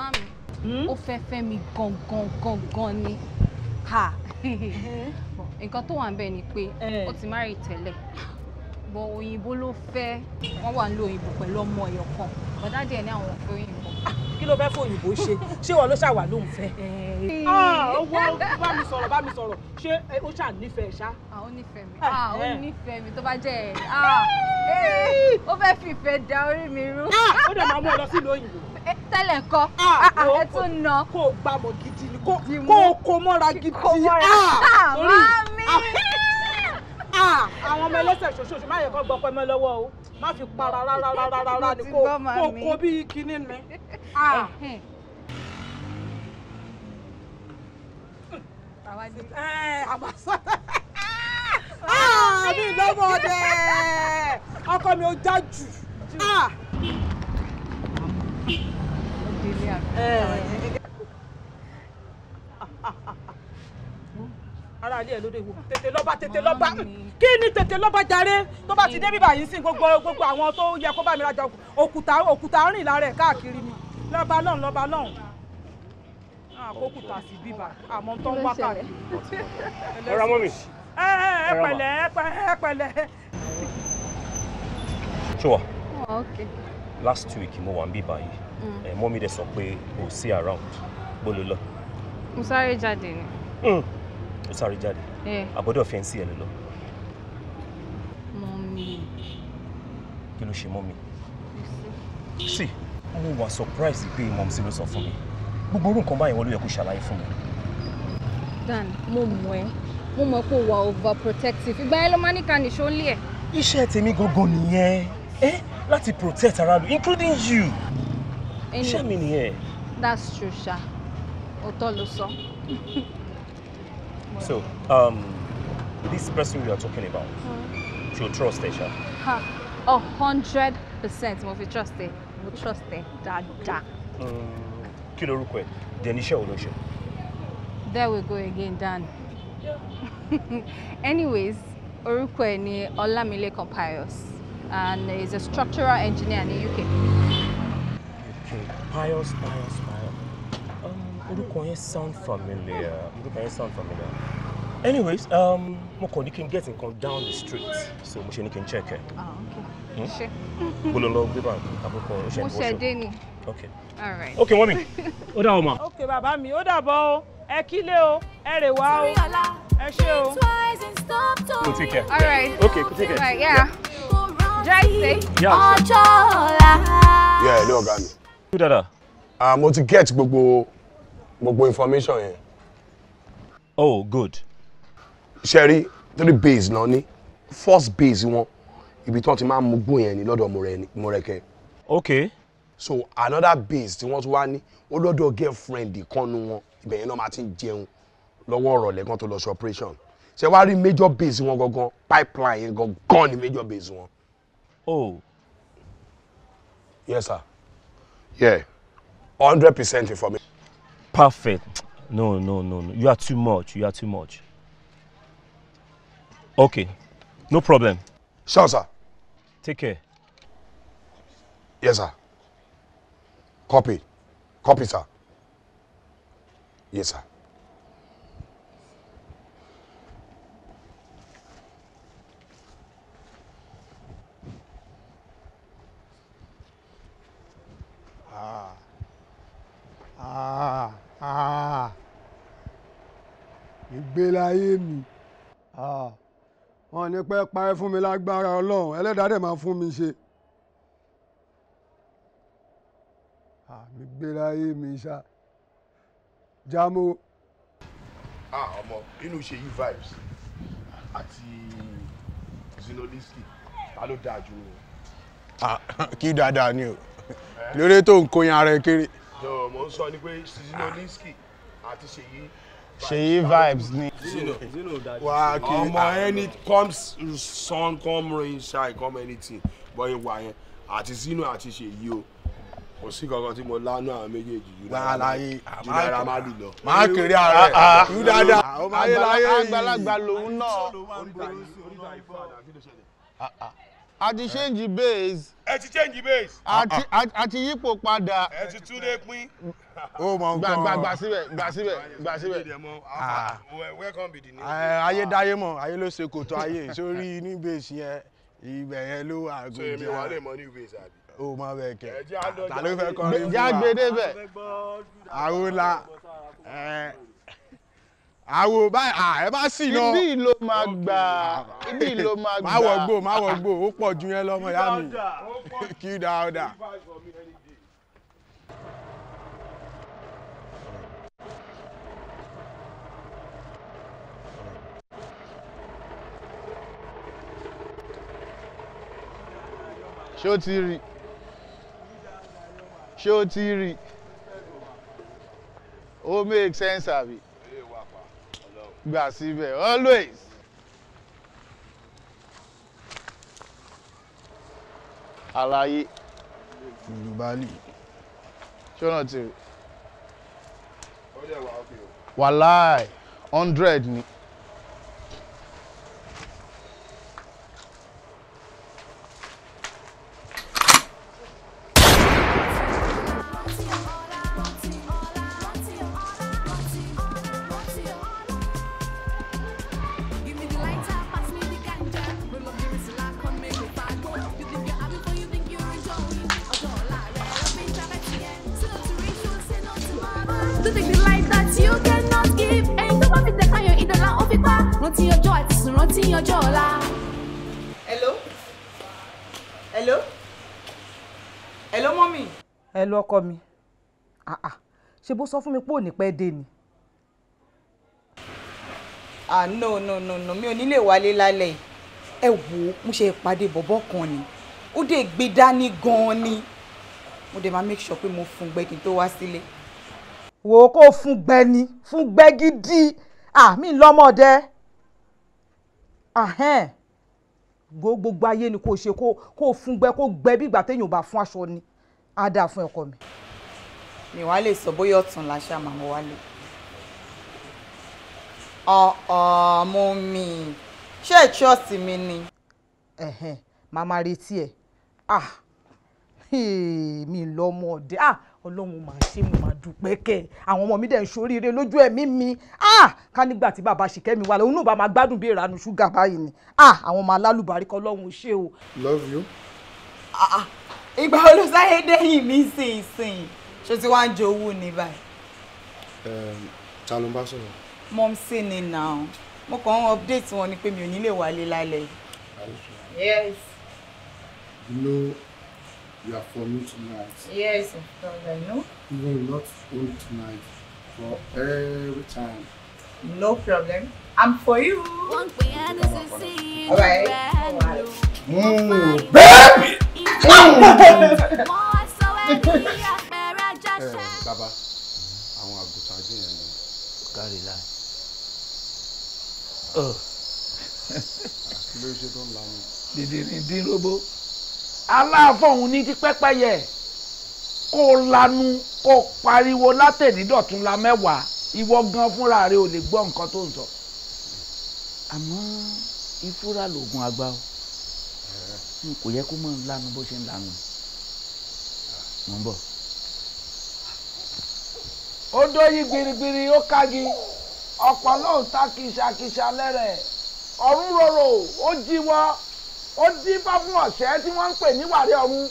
mami hmm? ó fẹ́ fẹ́ mi gangan gangan ni. <laughs> nǹkan tó wà ń bẹ̀ ni pé ó ti má rí tẹ́lẹ̀ bọ òyìnbó ló fẹ́ wọ́n wà nílò òyìnbó pẹ̀lú ọmọ ẹ̀yọ̀ kan bọ̀dá díẹ̀ ní àwọn òfin òyìnbó. kí ló fẹ́ fòyìnbó ṣe ṣé wọn ló ṣàwà lóun fẹ́. Ah, owó bá mi sọ̀rọ̀ bá mi sọ̀rọ̀ ṣé ó ṣà nífẹ̀ẹ́ ṣá. ó nífẹ̀ẹ́ mi ah, ó nífẹ̀ẹ́ mi tó bá jẹ́ ẹ̀ ó fẹ́ fìfẹ́ da orí mi rú. Ah, ó dẹ̀ máa mú ọ lọ sílùú òyìnbó tẹ́lẹ̀ kọ́ ẹ tún nà. kó o gbàmọ̀ gidi ni kó o kó mọ́ra gidi. kó o mọ́ra Ah. Ah, àwọn ọmọ ẹlẹ́sẹ̀ ṣoṣooṣù má yẹ kó gbọ́ pẹ́mọ́ lọ́wọ́ o má fi para rárá rárá rárá ni kò kò kó bí kinní ah. eh, mi. mi lọ́wọ́ dẹ̀ ọkọ mi ò já jù. Thank you. ara ilé ẹ lóde wo tètè lọ́ba tètè lọ́ba kí ni tètè lọ́ba jàre tó bá ti dé bíbá sí gbogbo gbogbo àwọn tó yẹ kó bá mi rajà òkúta òkúta rìn lára ẹ̀ káàkiri ni lọ́ba lọ́hùn lọ́ba lọ́hùn àkókùtà sí bíbá àmọ́ tó ń wá káàkiri. ọ̀rọ̀ amọ́ mi. ẹ ẹ pẹ̀lẹ́ ẹ pẹ̀lẹ́. ṣùwà last week mo wà ń bíbá yìí mọ́mí dẹ̀ sọ pé kò sí around bó mo sáré jáde ni. Mm ó sáré jáde àbọ̀dọ̀ eh. fẹ́ǹsì ẹ̀ ló lọ. mọ́mí. kí ló ṣe mọ́mí. sí mo wà surprise pé mọ́mí sí ló sọ fún mi gbogbo orú nǹkan báyìí wọ́n ló yẹ kó ṣàlàyé fún mi. dan mo mọ ẹ mo mọ pé o wà overprotective ìgbà yẹn ló máa ní ká nìṣó ń lé ẹ. iṣẹ́ tèmi gangan nìyẹn ẹ láti protect aráàlú including you. iṣẹ́ mi nìyẹn. that's true ṣá òótọ́ ló sọ. <laughs> So, um, this person we are talking about, hmm. she'll trust Esha. Huh. A 100% mo fi trust ẹ. Mo trust ẹ dáadáa. Hmm. Kilo, lorúkọ ẹ? Denisha Olosho. There we go again, Dan. <laughs> Anyways, Orukwe ẹ ni Olamilekan Pius and he's a structural engineer in the UK. Okay, Pius, Pius, Pius. orúkọ yẹn sound familiar orúkọ yẹn sound familiar anyways um, mo kàn ní kí n get nǹkan down the street so mo ṣe ní kí n check ẹ. Ah, hmm? ṣe mo lọ lọ gbé bá àkókò ṣe ń bọ́ ṣe. mo ṣe dé ni. ok all right. ok mọ́mí ó dà o ma. ok bàbá mi ó dàbọ̀ o ẹ kílé o ẹ rè wá o ẹ ṣé o. kò tí kẹ. all right ok kò tí kẹ. right yeah. drive safe. ọjọ́ ọ̀la. yẹ ẹ ní ọ̀gá mi. kú dada. Ah, mo ti get gbogbo gbogbo information yẹn. oh good. ṣẹ́rí three base náà ní first base wọn ibi tí wọ́n ti máa ń mugbó yẹn ní lọ́dọ̀ mọ̀rẹ́kẹ́. ok. so another base tí wọ́n tún wá ní ó lọ́dọ̀ girlfriend ìkànnù wọn ibẹ̀ yẹn náà máa ti ń jẹun lọ́wọ́ ọ̀rọ̀ lẹ́kàn tó lọ sí operation ṣe wá rí major base wọn gangan pipeline yẹn gangan ni major base wọn. oh. yes sir. yeah hundred percent information. perfect. No, no, no, no. You are too much. You are too much. Okay. No problem. Sure, sir. Take care. Yes, sir. Copy. Copy, sir. Yes, sir. Ah. Ah. Ah, ìgbélayé mi ah, wọn ní pẹ́ pa ẹ́ fún mi lágbára ọlọ́run ẹlẹ́dàá dẹ̀ máa fún mi ṣe ah, ìgbélayé mi ṣá jámó. ọmọ inú ṣe yí vibes àti zinoliski ta ló dáa jù. <laughs> kí dáadáa ni o lórí tó ń kóyan ara ẹ kéré no mo ń sọ ni pé Zino Niski àti Ṣèyí. vibes ni. wà á kì í ọmọ any comes sun come rain shine come anything bọ́yìn wà yẹn Ati Zino ati Ṣèyí o kò sí kankan tí mo lánú àwọn méjèèjì jùlọ jùlọ máa lù lọ. máa kiri ara ẹ dúdáadáa ayélujára àgbàlagbà lòun náà a ti change base. ẹ ti change base. a ti yípo padà. ẹ ti tún lé pín. <laughs> ó mọ nǹkan gbà gbà síbẹ̀ gbà síbẹ̀ gbà síbẹ̀. Ah. Ah, ah, welcome be the new. ayédáyé mọ ayé ló ṣe kòtò ayé sórí ní base yẹn ibẹ̀ yẹn ló wà gòjì. so èmi wà lè mọ new base àbí. o ma bẹ kẹ ta ló fẹ́ kọrin fún wa. jágbe débẹ̀. àwo la àwo báyìí ẹ bá sì náà ibi ló máa gbà ibi ló máa gbà má wọ gbó má wọ gbó ó pọ̀ ju yẹn lọ́mọ ìyá mi kí da ọ̀dà. ṣé o ti rí ṣé o ti rí ó make sense àbí gbà síbẹ̀ always. aláyé yorùbálì ṣọ́nà tèrè wàláì hundred ni. pẹ̀lú ọkọ mi àà ṣe bó sọ fún mi pé ò ní pẹ́ dé ni. ah no no no no mi ò ní lè wálé lálẹ́ yìí ẹ wò ó mo ṣe ìpàdé bọ̀bọ̀ kan ni ó dé gbé dání gan-an ni mo dẹ̀ máa make sure pé mo fún gbẹ́ kí n tó wá sílé. wò ó kó fún gbẹ ni fún gbẹ gidi àmì lọ́mọdé gbogbo ayé ni kò ṣe kó fún gbẹ kó gbẹ bí ìgbà téèyàn ò bá fún aṣọ ni á dáa fún ọkọ mi. mi wàá lè sọ bóyá ọ̀tún la ṣá máa wálé. ọ̀ọ́ mo mi ṣé ẹ̀ ṣọ́ọ̀ṣì mi ni. ẹ̀hẹ̀n màá máa retí ẹ̀ ah mi lọ́mọ ọ̀dẹ́ ah ọlọ́run máa ṣe mo máa dúpẹ́ kẹ́ àwọn ọmọ mi dẹ̀ ń ṣoríire lójú ẹ̀mí mi ah ká nígbà tí bàbá ṣìkẹ́ mi wà lóun náà bá máa gbádùn bí ìranu ṣúgà báyìí ni ah àwọn ọmọ alálùbárí kọ́ ọlọ́run ṣe o. love you. ah, ah ìgbà wo ló sáyé dẹ́yìn mi sìn ìsìn ṣó ti wá ń jẹ owó ní báyìí. ta ló ń bá sọ̀rọ̀. mọ́mísì ni now mo kàn ń update wọn ni pé mi ò ní lè wálé lálẹ́ yes. you know you are for me tonight. yes of course i know. even not only tonight for every time. no problem i'm for you. wọ́n pè é ní sísè. all right. All bẹ́ẹ̀bì. bàbá àwọn àgùntàn ajé yẹn ni. kárí la. kí ló ṣe tó ń lanu. dìdìrín dín robo aláàfọ̀hún ní ti pẹ́pẹ́yẹ kó lanu kó pariwo látẹ̀nídọ̀tún la mẹ́wàá ìwọ gan fúnra rẹ ò lè gbọ́ nǹkan tó ń sọ àmọ́ ìfúra lògùn àgbà o kò yẹ kó mọ̀ ń lanu bó ṣe ń lanu mò ń bọ̀. ó dóyí gbirigbiri ó kági ọ̀pọ̀ náà ta kìsàkìsà lẹ́rẹ̀ ọ̀run rorò ó jíwọ́ ó dífá fún ọ̀sẹ̀ tí wọ́n ń pè ní wàrí ọ̀run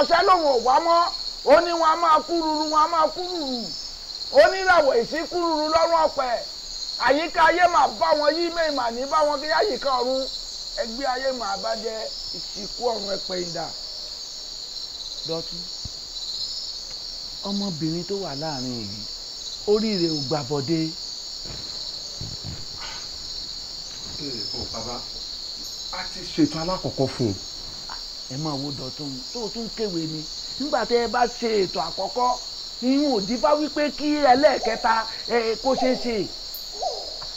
ọ̀sẹ̀ lòun ò wá mọ́ ó ní wọn a máa kú ruru wọn a máa kú ruru oníràwọ̀ èsì kú ruru lọ́rùn ọ̀pẹ̀ àyíká ayé máa bá wọn yí mẹ́ìmà ní bá wọn kí yáyìíká ọ̀run ẹgbẹ́ ayé màá bá jẹ́ ìsìnkú ọ̀run ẹ̀pẹ̀ ìdà. dọ́tún ọmọbìnrin tó wà láàrin yìí oríire ò gbàbọ̀dé. ọ eh, bàbá a ti ṣètò alákọ̀ọ́kọ́ fún un. ẹ máa wo dọ̀tún tó o tún kéwé ni nígbà tẹ ẹ bá ṣe ètò àkọ́kọ́ ìhun òdìfá wípé kí ẹlẹ́ẹ̀kẹta kó ṣeé ṣe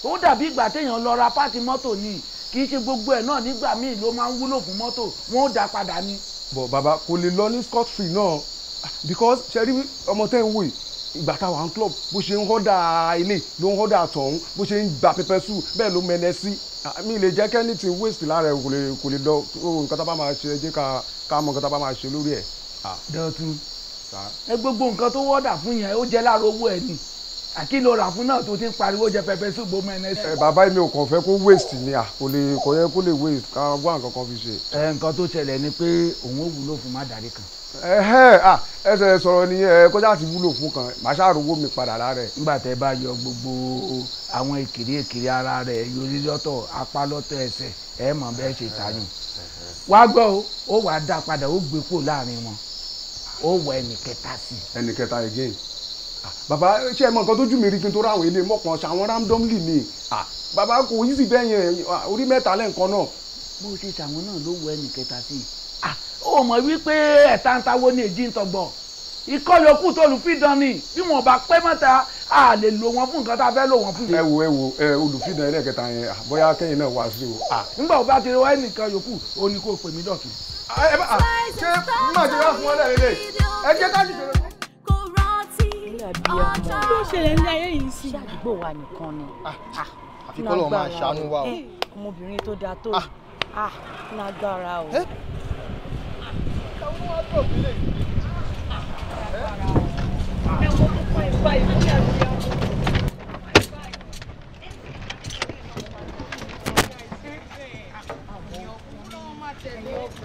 ó dàbí ìgbà téèyàn lọ ra pátì mọ́tò ni kì í ṣe gbogbo ẹ̀ náà nígbà míì ló máa ń wúlò fún mọ́tò wọn ò dá padà ni. bọ̀ bàbá kò lè lọ ní scot free náà because ṣe rí ọmọ tẹ́ ń wò yìí ìgbà táwa ń club bó ṣe ń họ́dà ilé ló ń họ́dà tọ̀hún bó ṣe ń gba pẹpẹ sùn bẹ́ẹ̀ ló mẹ́lẹ́ sí mi lè jẹ́ kẹ́ni ti waste lára ẹ̀ kò lè lọ nǹkan tá a bá máa ṣe jẹ́ ká mọ nǹkan tá a bá máa ṣe lórí ẹ̀. dọ̀tun ẹ gbogbo nǹkan tó wọ́dà fún yẹn ó jẹ́ lára owó ẹ̀ ni kí ló rà fún náà tó ti ń pariwo jẹ pẹpẹ ṣùgbọ́n mọ ẹni. ẹ bàbá mi ò kàn fẹ́ kó waste ni à kò lè kò yẹ kó lè waste ká wá nǹkan kan fi ṣe. ẹ nǹkan tó ṣẹlẹ̀ ni pé òun ò wúlò fún mádàrí kan. ẹ ẹ ẹsẹ̀ sọ̀rọ̀ nìyẹn ẹ kọjá àti wúlò fún kan màá ṣàròwó mi padà lára ẹ. nígbà tẹ bá yọ gbogbo àwọn ìkìrí ìkìrí ara rẹ yorí lọ́tọ̀ apá lọ́tọ̀ ẹsẹ̀ ẹ mọ̀ bẹ́ẹ̀ ṣe tààyàn. wá gbọ́ ó wàá dá padà ó gbé kúrò láàrin wọn ó wọ ẹnì kẹta sí. ẹnì kẹta again baba ṣe é mọ nǹkan tójú mi rí kí n tó ráwọ̀ ilé mọ̀kàn ṣàwọn randomly ni baba kò yí sí bẹ́ẹ̀ yẹn orí mẹ́ta lẹ́ǹkan náà. bó ṣe ṣàwọn náà ló wọ ẹnì kẹta sí i ó mọ̀ wípé ẹ̀ta ń tawó ní èjì ń tọgbọ̀ ikọ́ yòókù tó olùfidàn ni bí wọn bá pẹ́ mọ́ta a lè lò wọn fún nǹkan tá a fẹ́ lò wọn fún. ẹ wo ẹ wo ẹ olùfidàn ẹlẹ́kẹta yẹn bóyá kẹ́yìn náà wá sí o. nígbà wo bá ti rí wáyé nìkan yòókù ó ní kó o pè mí dọ̀tun. ẹ bá ṣe má ṣe wá fún ọ lẹ́rìí lé ẹ jẹ́ ká ṣe abiyamọ ló ṣẹlẹ̀ ní ayé yìí sí. ṣé àdúgbò wa nìkan ni. àfi kọ́ lọ́ọ́ máa ṣàánú wa o. Eh, ọmọbìnrin tó dáa tó ah. Ah, lágbára o. Eh? ẹ wọ́n kọ́ ìfà ìfúnni àbíyamọ.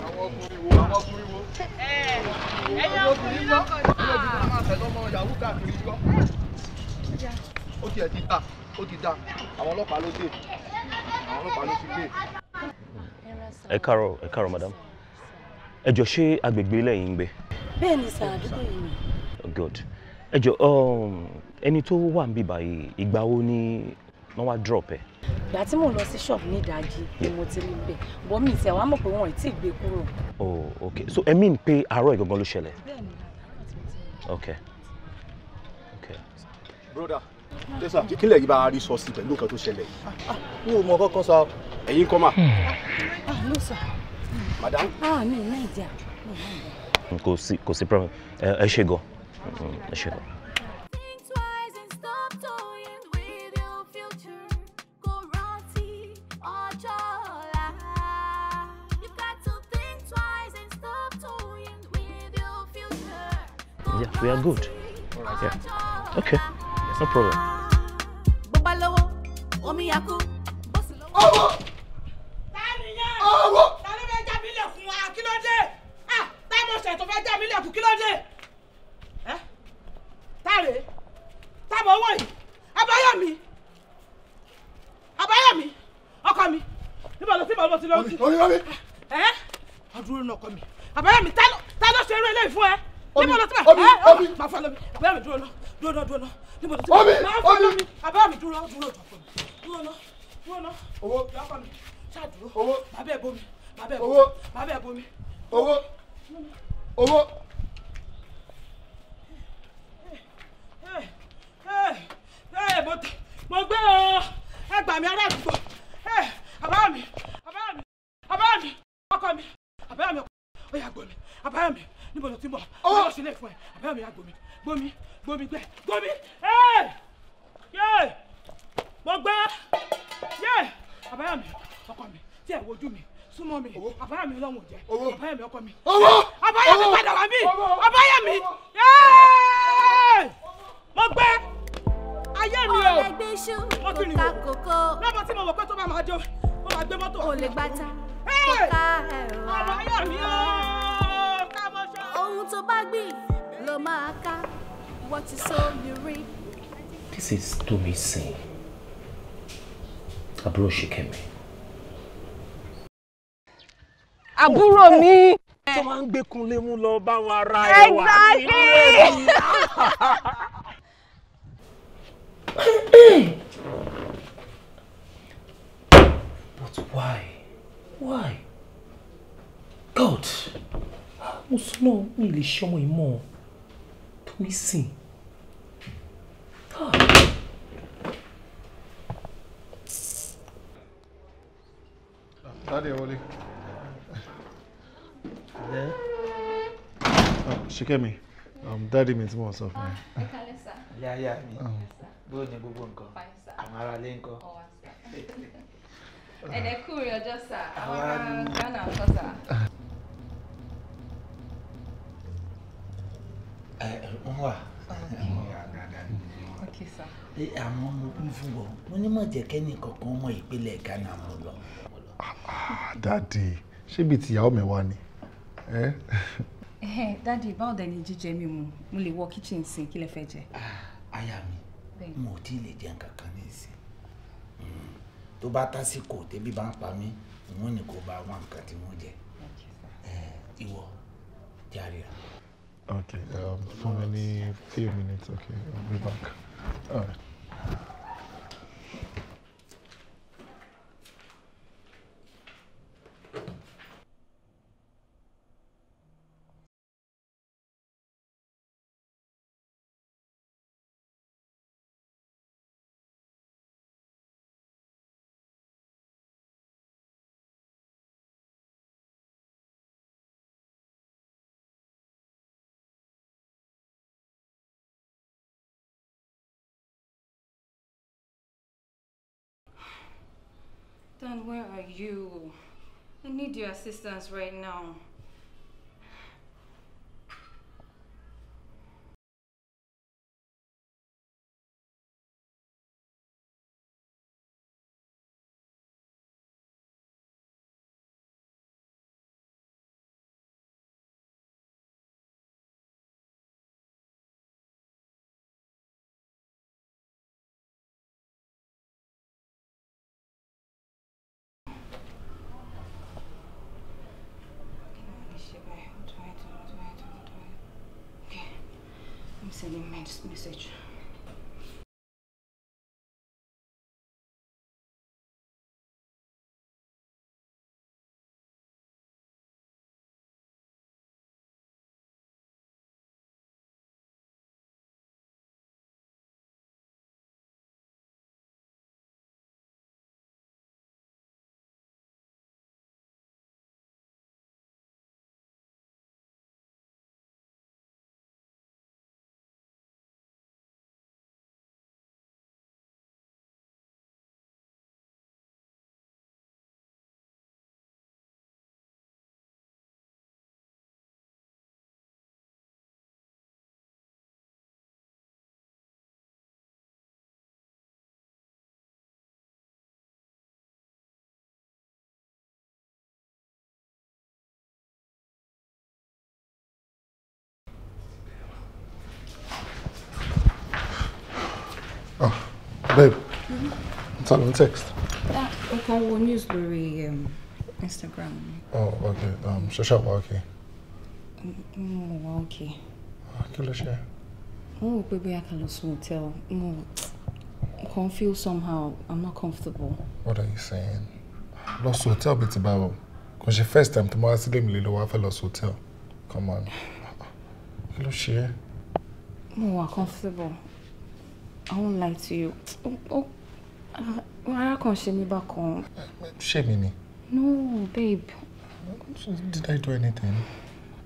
àwọn ọkùnrin wo àwọn ọkùnrin wo. ẹyọ ọkùnrin náà kọjá. ẹyọ ọkùnrin náà máa tẹ̀lé ọmọ yahoo káàkiri yọ. ó tiẹ̀ ti dà ó ti dà àwọn ọlọ́pàá ló dé àwọn ọlọ́pàá ló ti dé. ẹ káàárọ̀ ẹ káàárọ̀ madam ẹ jọ ṣé agbègbè lẹ́yìn ń gbé. bẹ́ẹ̀ ni sir àdúgbò yìí good ẹ jọ um, ẹni tó wà ń bíbá yìí ìgbà wo ni wọ́n wá drop ẹ̀. Eh? ìgbà tí mò ń lọ sí ṣọ́ọ̀bù ní ìdájí ni mo ti rí bẹ́ẹ̀ bọ́ mi ìtẹ̀ wàá mọ̀ pé wọn ì tí ì gbé kúrò. oh ok so ẹ mean pé àárọ̀ ìgangan ló ṣẹlẹ̀. ok ok. broda kílẹ̀ yìí bá a rí sọ sí pẹ̀lú nǹkan tó ṣẹlẹ̀ yìí. n ah, ò mọ kankan sọ ẹ̀yin kọ́ mà. Hmm. Ah, no sir. madam. ah mi ò náà jà. Hmm, kò sí kò sí problem ẹ ṣe gan hmm, ẹ ṣe gan. we are good. Right. Yeah. Okay. Yes. No problem. Ọwọ́! Tani yẹn! Ọwọ́! Tani fẹ́ já mi lẹ̀kùn wa kí ló dé? Ah! Táìmọ̀ ṣẹ̀ tó fẹ́ já mi lẹ̀kùn kí ló dé? Ẹ́ eh? Táre! Táìmọ̀ owó yìí! Abáyọ̀mí! Abáyọ̀mí! Ọkọ mi! Níbo ló ti bọ̀ ló ti lọ sí? Orí orí! Ẹ́! Eh? Adúró náà ọkọ mi! Abáyọ̀mí ta ló ṣe eré eléyìí fún ẹ? omi omi omi máa fọ lómi abẹ́rẹ́ mi dúró lọ dúró lọ dúró lọ níbo lọ omi omi abẹ́rẹ́ mi dúró dúró jọ fún mi dúró lọ dúró lọ owó lọ́kọ̀ mi ṣáà dúró owó máa bẹ́ẹ̀ bomi máa bẹ́ẹ̀ bomi máa bẹ́ẹ̀ bomi owó owó. mo tẹ mo gbé o ẹ gbà mí ará àdúgbò ẹ àbá mi àbá mi àbá mi ọkọ mi àbá mi ọkọ ó yá gbọ́ mi àbá mi níbo ló ti bọ̀ ọwọ́ ṣe lè fún ẹ àbẹ́ mi àgbomi gbomi gbomi gbẹ gbomi ẹ yé mo gbẹ yé àbáyà mi ọkọ mi tí ẹ wojú mi súnmọ́ mi àbáyà mi lọ́wọ́ jẹ àbáyà mi ọkọ mi àbáyà mi padà wá mi àbáyà mi yé mo gbẹ ayé mi o mo kì ní o lọ́mọ tí mo wọ̀ pé tó bá máa jó mo máa gbé mọ́tò. kò gbàtà kò ká ẹ̀rọ àbáyà mi o ohun tó bá gbìn ló máa ká what you sow you reap. this is tomi sin àbúrò ṣìkẹ́mi. àbúrò mi. tó máa ń gbé kunlé mú lọ bá wa ra ẹwà ní ilé mi. but why why God mo sọ náà mi lè ṣe ọmọ ìmọ̀ mi sìn. Daddy, wọlé. Ah, Ṣìkẹ́mi, um, dáàdì mi tí mo sọ fún ẹ. Ah, ìyá ayá mi, ah. bóyá ní gbogbo nǹkan, àwọn ará ilé nǹkan. Ẹ̀dẹ̀kùnrin ọjọ́ sà, àwọn ará Ghana nǹkan sà. Moi. ok sir. àwọn ọmọkùn fún mọ̀ Ghana lọ. Ah, mi wa ni. Daddy, báwo dẹ̀ ni jíjẹ mi mu mo lè wọ kichin si kí jẹ. Ah, aya mi mo ò tí kankan ní ìsìn hmm. tó bá tásìkò bá ń pa mí bá nǹkan tí jẹ ìwọ járe Okay, um, for many few minutes. Okay, I'll be back. All right. where are you? I need your assistance right now. Babe, ta ló ń text? Ọkàn wo news lórí um, Instagram. Oh, okay. Um, ṣẹ̀ṣẹ̀ wá okay. Mo wá okay. Kí ló ṣe? Mo rò pé bóyá ká lọ sùn hotel. Mo kàn somehow I'm not comfortable. What are you saying? Lost hotel bíi ti báwo? your first time tomorrow, I wá sílé mi lè lọ wá hotel. Come on. Kí ló ṣe? Mo wà comfortable. I won't lie to you. Oh, oh, can kan me back home. Ṣé mi me? No, babe. Did I do anything?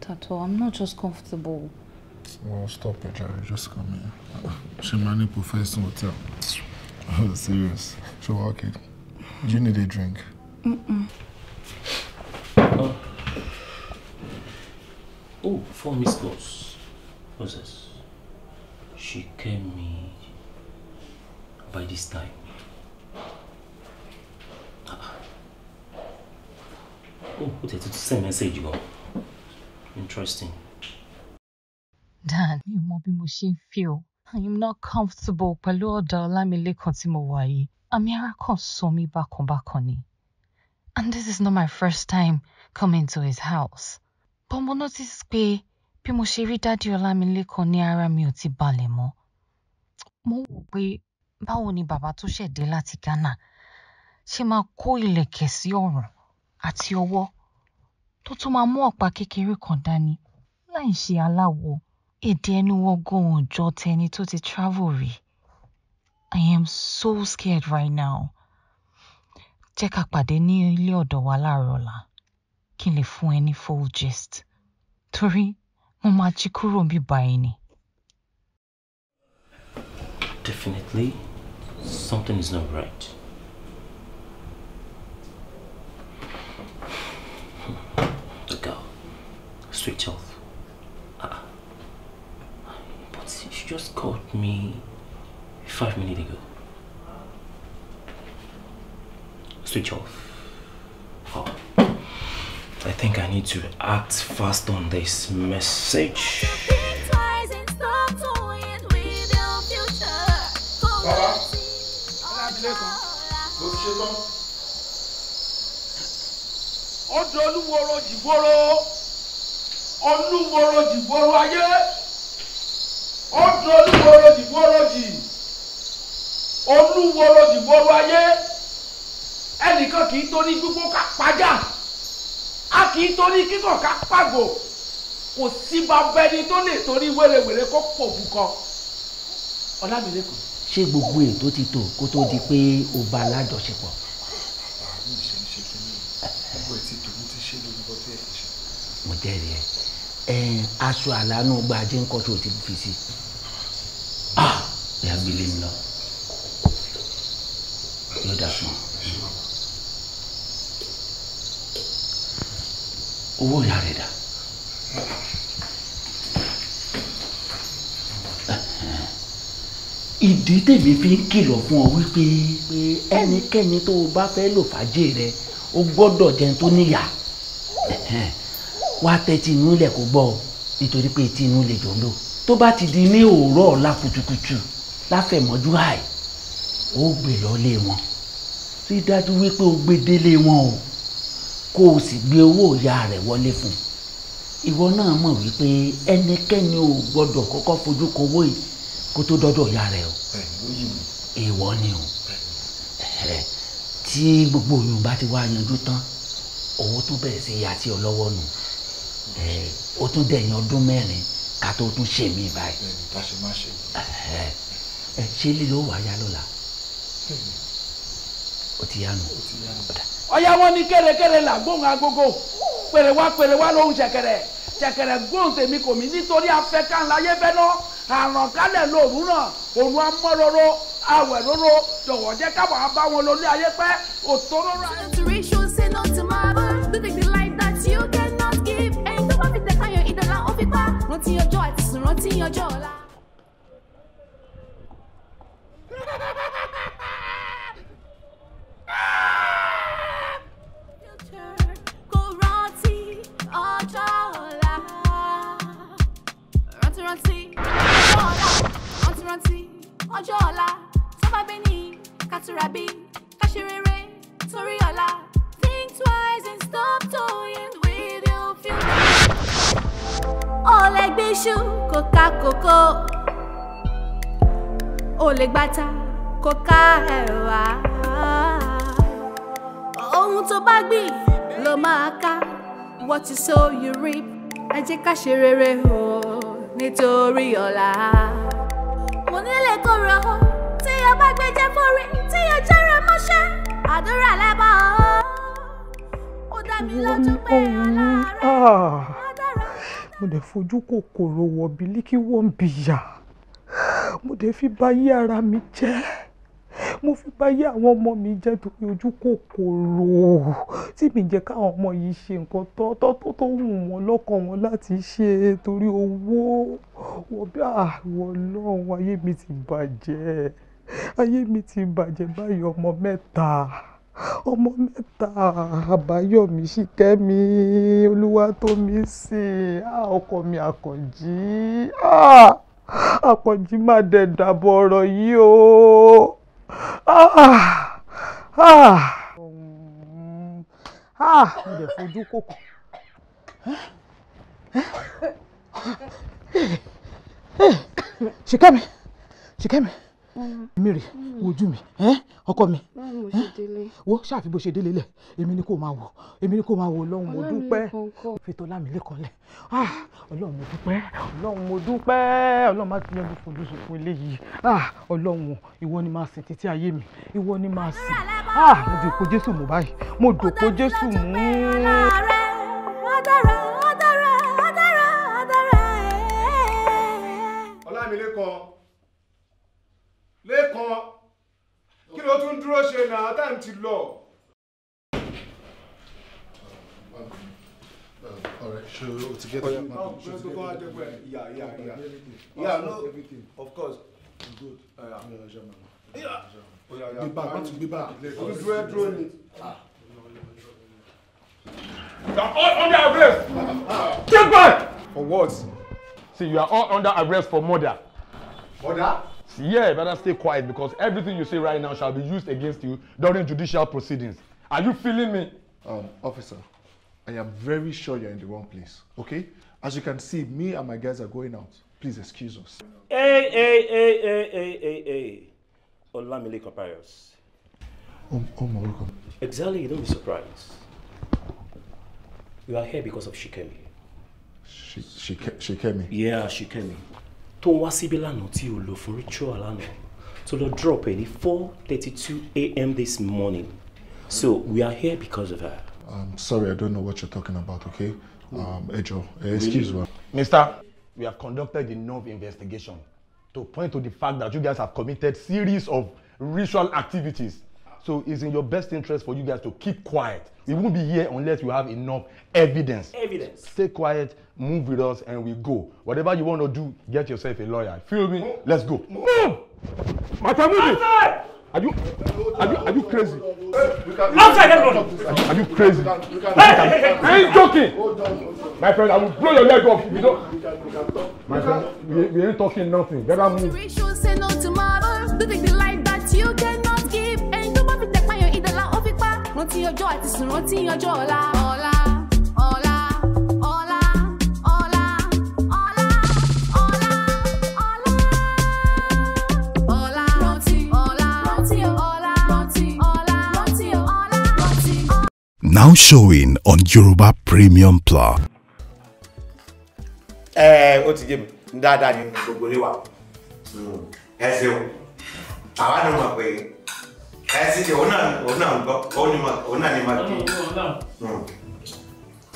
Not at all. I'm not just comfortable. Well, stop it, Jerry. Just come here. She máa ní professor hotel. <laughs> Oh, serious. So, okay. You need a drink. Mm-mm. Oh. oh, four missed calls. What's this? She came me. by this time. Ah. Oh, ó tẹ̀ tuntun send message gan. Interesting. Dan, you ò mọ bí mo I am not comfortable pẹ̀lú ọ̀dà Ọlámilékan tí mo wà yìí. Àmì ara kan sọ And this is not my first time coming to his house. But mo notice pé bí mo ṣe rí dádì Ọlámilékan ní ara mi ò ti balẹ̀ Mo wò pé báwo ni bàbá tó ṣẹ̀dé láti Ghana ṣe máa kó ìlẹ̀kẹ̀ sí ọrùn àti ọwọ́ tó tún máa mú ọ̀pá kékeré kan dání láì ṣe aláwo èdè ẹnu wọn gan tẹni tó ti travel rí I am so scared right now jẹ́ ká pàdé ní ilé ọ̀dọ̀ wa láàárọ̀ ọ̀la kí n lè fún ẹ ní full gist torí mo máa jí kúrò bíbá ẹni. definitely something is not right. The girl, switch off. Uh, ah. but she just called me five minutes ago. Switch off. Oh. I think I need to act fast on this message. ṣe tán ọdọ olúworo jìgboro olúworo jìgboro ayé ọdọ olúworo jìgboro jì olúworo jìgboro ayé ẹnìkan kì í tó ní gbígbó ká pàjá a kì í tó ní kíkàn ká pàgò kò sí babẹni tó lè torí wèrèwèrè kó pòbù kan ọlámìlẹ́kùn ṣé gbogbo ètò ti tò kó tó di pé o bá alájọṣepọ̀. mo jẹ́rìí ẹ aṣọ àlànà gbajẹ́ ńkọ́ tó ti fi si ah ẹ̀ abilé mi lọ yóò dà fún ọ owó ìyá rẹ ìdí tèmi fi ń kìlọ̀ fún ọ wípé ẹnikẹ́ni tó o bá fẹ́ lò fàájì rẹ o gbọ́dọ̀ jẹun tó níyà wá tẹ tí inú ilẹ̀ kó gbọ́ ọ nítorí pé tí inú lè jọ lò tó bá ti di ní òórọ̀ ọ̀la kùtùkùtù láfẹ̀mọ́jú àì ó gbé lọ́lé wọn rí dájú wípé o gbé délé wọn o kó o sì gbé owó ìyá rẹ̀ wọlé fún un ìwọ náà mọ̀ wípé ẹnikẹ́ni ò gbọ́dọ̀ kọ́kọ́ fojú kowó yìí kó tó dọ́dọ̀ ya rẹ̀ o èèwọ̀ ni o tí gbogbo oyún bá ti wá yanjú tán owó tún bẹ̀rẹ̀ sí ya tí ọ lọ́wọ́ nù ó tún dẹ̀yìn ọdún mẹ́rin ká tó tún ṣe mí báyìí ṣé lílo wà ya lọ́la ó ti yá nù. ọ̀yá wọn ní kéré-kéré là gbóhùn agogo pèrè wá pèrè wá lóhùn ṣẹ̀kẹ̀rẹ̀ ṣẹ̀kẹ̀rẹ̀ gbóhùn tèmi kò mí nítorí afẹ́kànláyé fẹ́ náà àràn kálẹ̀ lòrú náà òun amọ́rọ́rọ́ awẹ̀rọ́rọ́ jọ̀wọ́ jẹ́ káwọn abá wọn lọ ní ayé pẹ́ òtóróró. Restoration to marvel, the good that you cannot give. Ẹyin tó bá fi tẹ̀ka yan ìdàlá ó fi pa. Rántí ọjọ́ àtìsùn, rántí ọjọ́ Ah! <laughs> ọjọ́ ọ̀la tó bá gbé ní kàtúrà bí ká torí ọ̀la. Think twice and stop toying with your future. Ọ̀lẹ gbé iṣu kò ká kòkó. Olè gbata kò ẹ̀wà. Ohun tó bá gbìn ló máa ká. What you sow you reap. Ẹ jẹ́ ká ṣe rere o nítorí ọ̀la onílé kòrò tí yóò bá gbẹjẹ fórí tí yóò jẹrẹ mọṣẹ àdúrà lẹbọ ó dá ah! mi lójú pé aláàárẹ̀ mo dẹ̀ fojú kòkòrò wọ̀bí líkí wọ́n bìyà mo dẹ̀ fi báyé ara mi jẹ́ mo fi báyé àwọn ọmọ mi jẹ́ torí ojú kòkòrò tí mi jẹ́ káwọn ọmọ yìí ṣe nǹkan tọ́tọ́ tó tó wù wọ́n lọ́kàn wọn láti ṣe torí owó wọ́n bí àwọn ọlọ́run ayé mi ti bàjẹ́ ayé mi ti bàjẹ́ báyìí ọmọ mẹ́ta ọmọ mẹ́ta àbáyọ̀mí ṣìkẹ́mi olúwatómi sí ọkọ mi àkànjí àkànjí má dẹ̀ dàbọ̀ ọ̀rọ̀ yìí o mo dẹ̀ fojú kòkò ṣìkẹ́mi ṣìkẹ́mi mèrè wojú mi ọkọ mi wo ṣáàfi bó ṣe délé lẹ èmi ni kò máa wò èmi ni kò máa wò ọlọ́run mo dúpẹ́ fìtọ́lá mi lẹ́kọ̀ọ́ lẹ̀ ah, ọlọ́run mo dúpẹ́ ọlọ́run mo dúpẹ́ ọlọ́run má ti yẹn bí fojú sunkún eléyìí ah, ọlọ́run ìwọ ni máa sìn títí ayé mi ìwọ ni máa sìn ah, mo dòpò jésù mú báyìí mo dòpò jésù mú. ọlámilékan lẹ́ẹ̀kan kí ló tún dúró ṣe náà táìmù ti lọ. ọ̀rẹ́ ṣe o ti gẹ́tọ̀ yà máa ṣe o ti gẹ́tọ̀ yà máa yà yà yà yà no of course good. Oh, oh, gbé bá wọ́n ti gbé bá. o ti dúró dúró ni. Ah. You are all under arrest. Take back. For what? See, you are all under arrest for murder. Murder? yeah better stay quiet because everything you say right now shall be used against you during judicial proceedings are you feeling me. Um, officer i am very sure you are in the wrong place okay as you can see me and my guys are going out please excuse us. hey hey hey hey hey hey hey olamide comparis. oh oh my welcome. exactly don't be surprised you are here because of shikemi. She, she, Yeah, Shikemi tó wá síbí lánàá tí o lò fún ritual lánàá to lo drop ẹ ní four thirty two a.m. this morning so we are here because of her. I'm um, sorry, I don't know what you're talking about, okay? Hmm. Um, Ejo, uh, excuse me. Mister, we have conducted enough investigation to point to the fact that you guys have committed series of ritual activities So it's in your best interest for you guys to keep quiet. We won't be here unless you have enough evidence. Evidence. Stay quiet, move with us, and we go. Whatever you want to do, get yourself a lawyer. Feel me? Move. Let's go. Move! Mata, move it! Are you, are you, are you crazy? Outside, everyone! Are, are you crazy? Hey, hey, hey! I ain't joking! My friend, I will blow your leg off you don't. My friend, we, we ain't talking nothing. Better move. rántí ọjọ́ àti sùn rántí ọjọ́ ọ̀la. ọ̀la ọ̀la ọ̀la ọ̀la ọ̀la ọ̀la ọ̀la ọ̀la rántí ọ̀la rántí ọ̀la rántí ọ̀la rántí ọ̀la rántí. Now showing on Yoruba Premium Plus. ẹ ẹ ó ti yé mi dáadáa ni gbogbo ilé wa hmm. ẹ ṣeun àwa ni mo mọ̀ pé ẹsì òun náà òun náà gbọ́ òun ni òun hmm. eh, eh, eh, náà ah. ni máa kí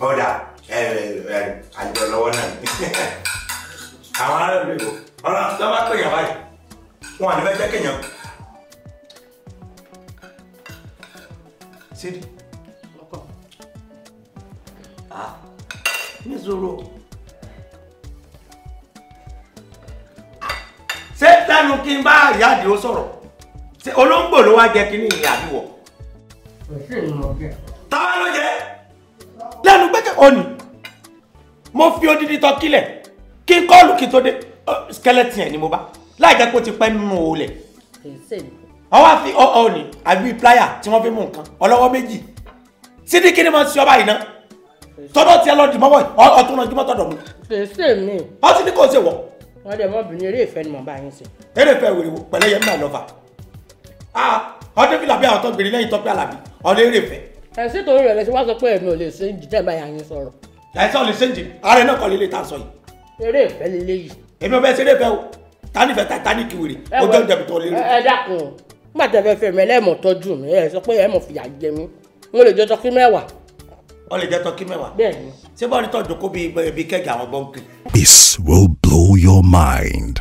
ọ̀dà àjọ àwọn ará ìlú ìbò ọ̀rọ̀ tó bá pè yàn báyìí wọn àdìbẹ́ jẹ́ kéèyàn. sídi. ní zoro. ṣé dánu kí n bá ìyá àdìo sọ̀rọ̀ ṣe olóńgbò ló wá jẹ kínní ìyá àbí wọ. táwa ló jẹ lẹ́nu pẹkẹ òní mo fi odidi tọ kílẹ kí n kọọlù kí n tó dé skeleton ẹ ni mo bá láì jẹ kó ti pẹ́ nínú olè wọ́n fi ọ̀ọ́ ni àbí pláyà tí wọ́n fi mú nǹkan ọlọ́wọ́ méjì sídìkì ni mo ti ọba yìí náà tọ́dọ̀ tiẹ̀ lọ́ọ́ di mọ́wọ́ ọtún náà jùmọ́ tọ̀dọ̀ mu. fèsì mi. ọtí ni kò ṣe wọ. wọ́n dẹ̀ mọ́ obìnrin eré ìfẹ́ ni mo bá yín ṣe. eré ìfẹ́ wèrè pẹ̀lẹ́ yẹn mi náà lọ́fà. Ah, ọdún fìlà bí àwọn tó gbèrè lẹ́yìn alábì ọdún eré fẹ́. ẹ̀sìn tó ń rẹ̀ lẹ́sìn wá sọ pé èmi ò lè ṣe ń jìjẹ́ báyà yín sọ̀rọ̀. ẹ̀sìn ò lè ṣe ń jì ààrẹ náà kọ́ lè lè ta sọ yìí. eré ìfẹ́ lélẹ́ yìí. èmi ò bẹ́ẹ̀ ṣe eré ìfẹ́ o tani fẹ́ Titanic wèrè ojú ọjọ́ ibi tó lè ẹ dákun nígbà tẹ fẹ́ fẹ́ mi ẹlẹ́mọ̀ tọ́jú mi ẹ sọ pé ẹ mọ̀ fìyà jẹ mi mo lè jẹ tọkí mẹ́wàá. ọ This will blow your mind.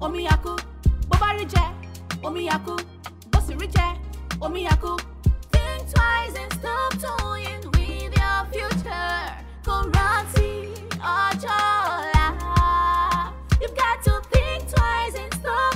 Omiyako, yakú bó Omiyako, Bossy jẹ Omiyako, think twice and stop toying with your future ko Ojola, ọ̀la. you've got to think twice and stop.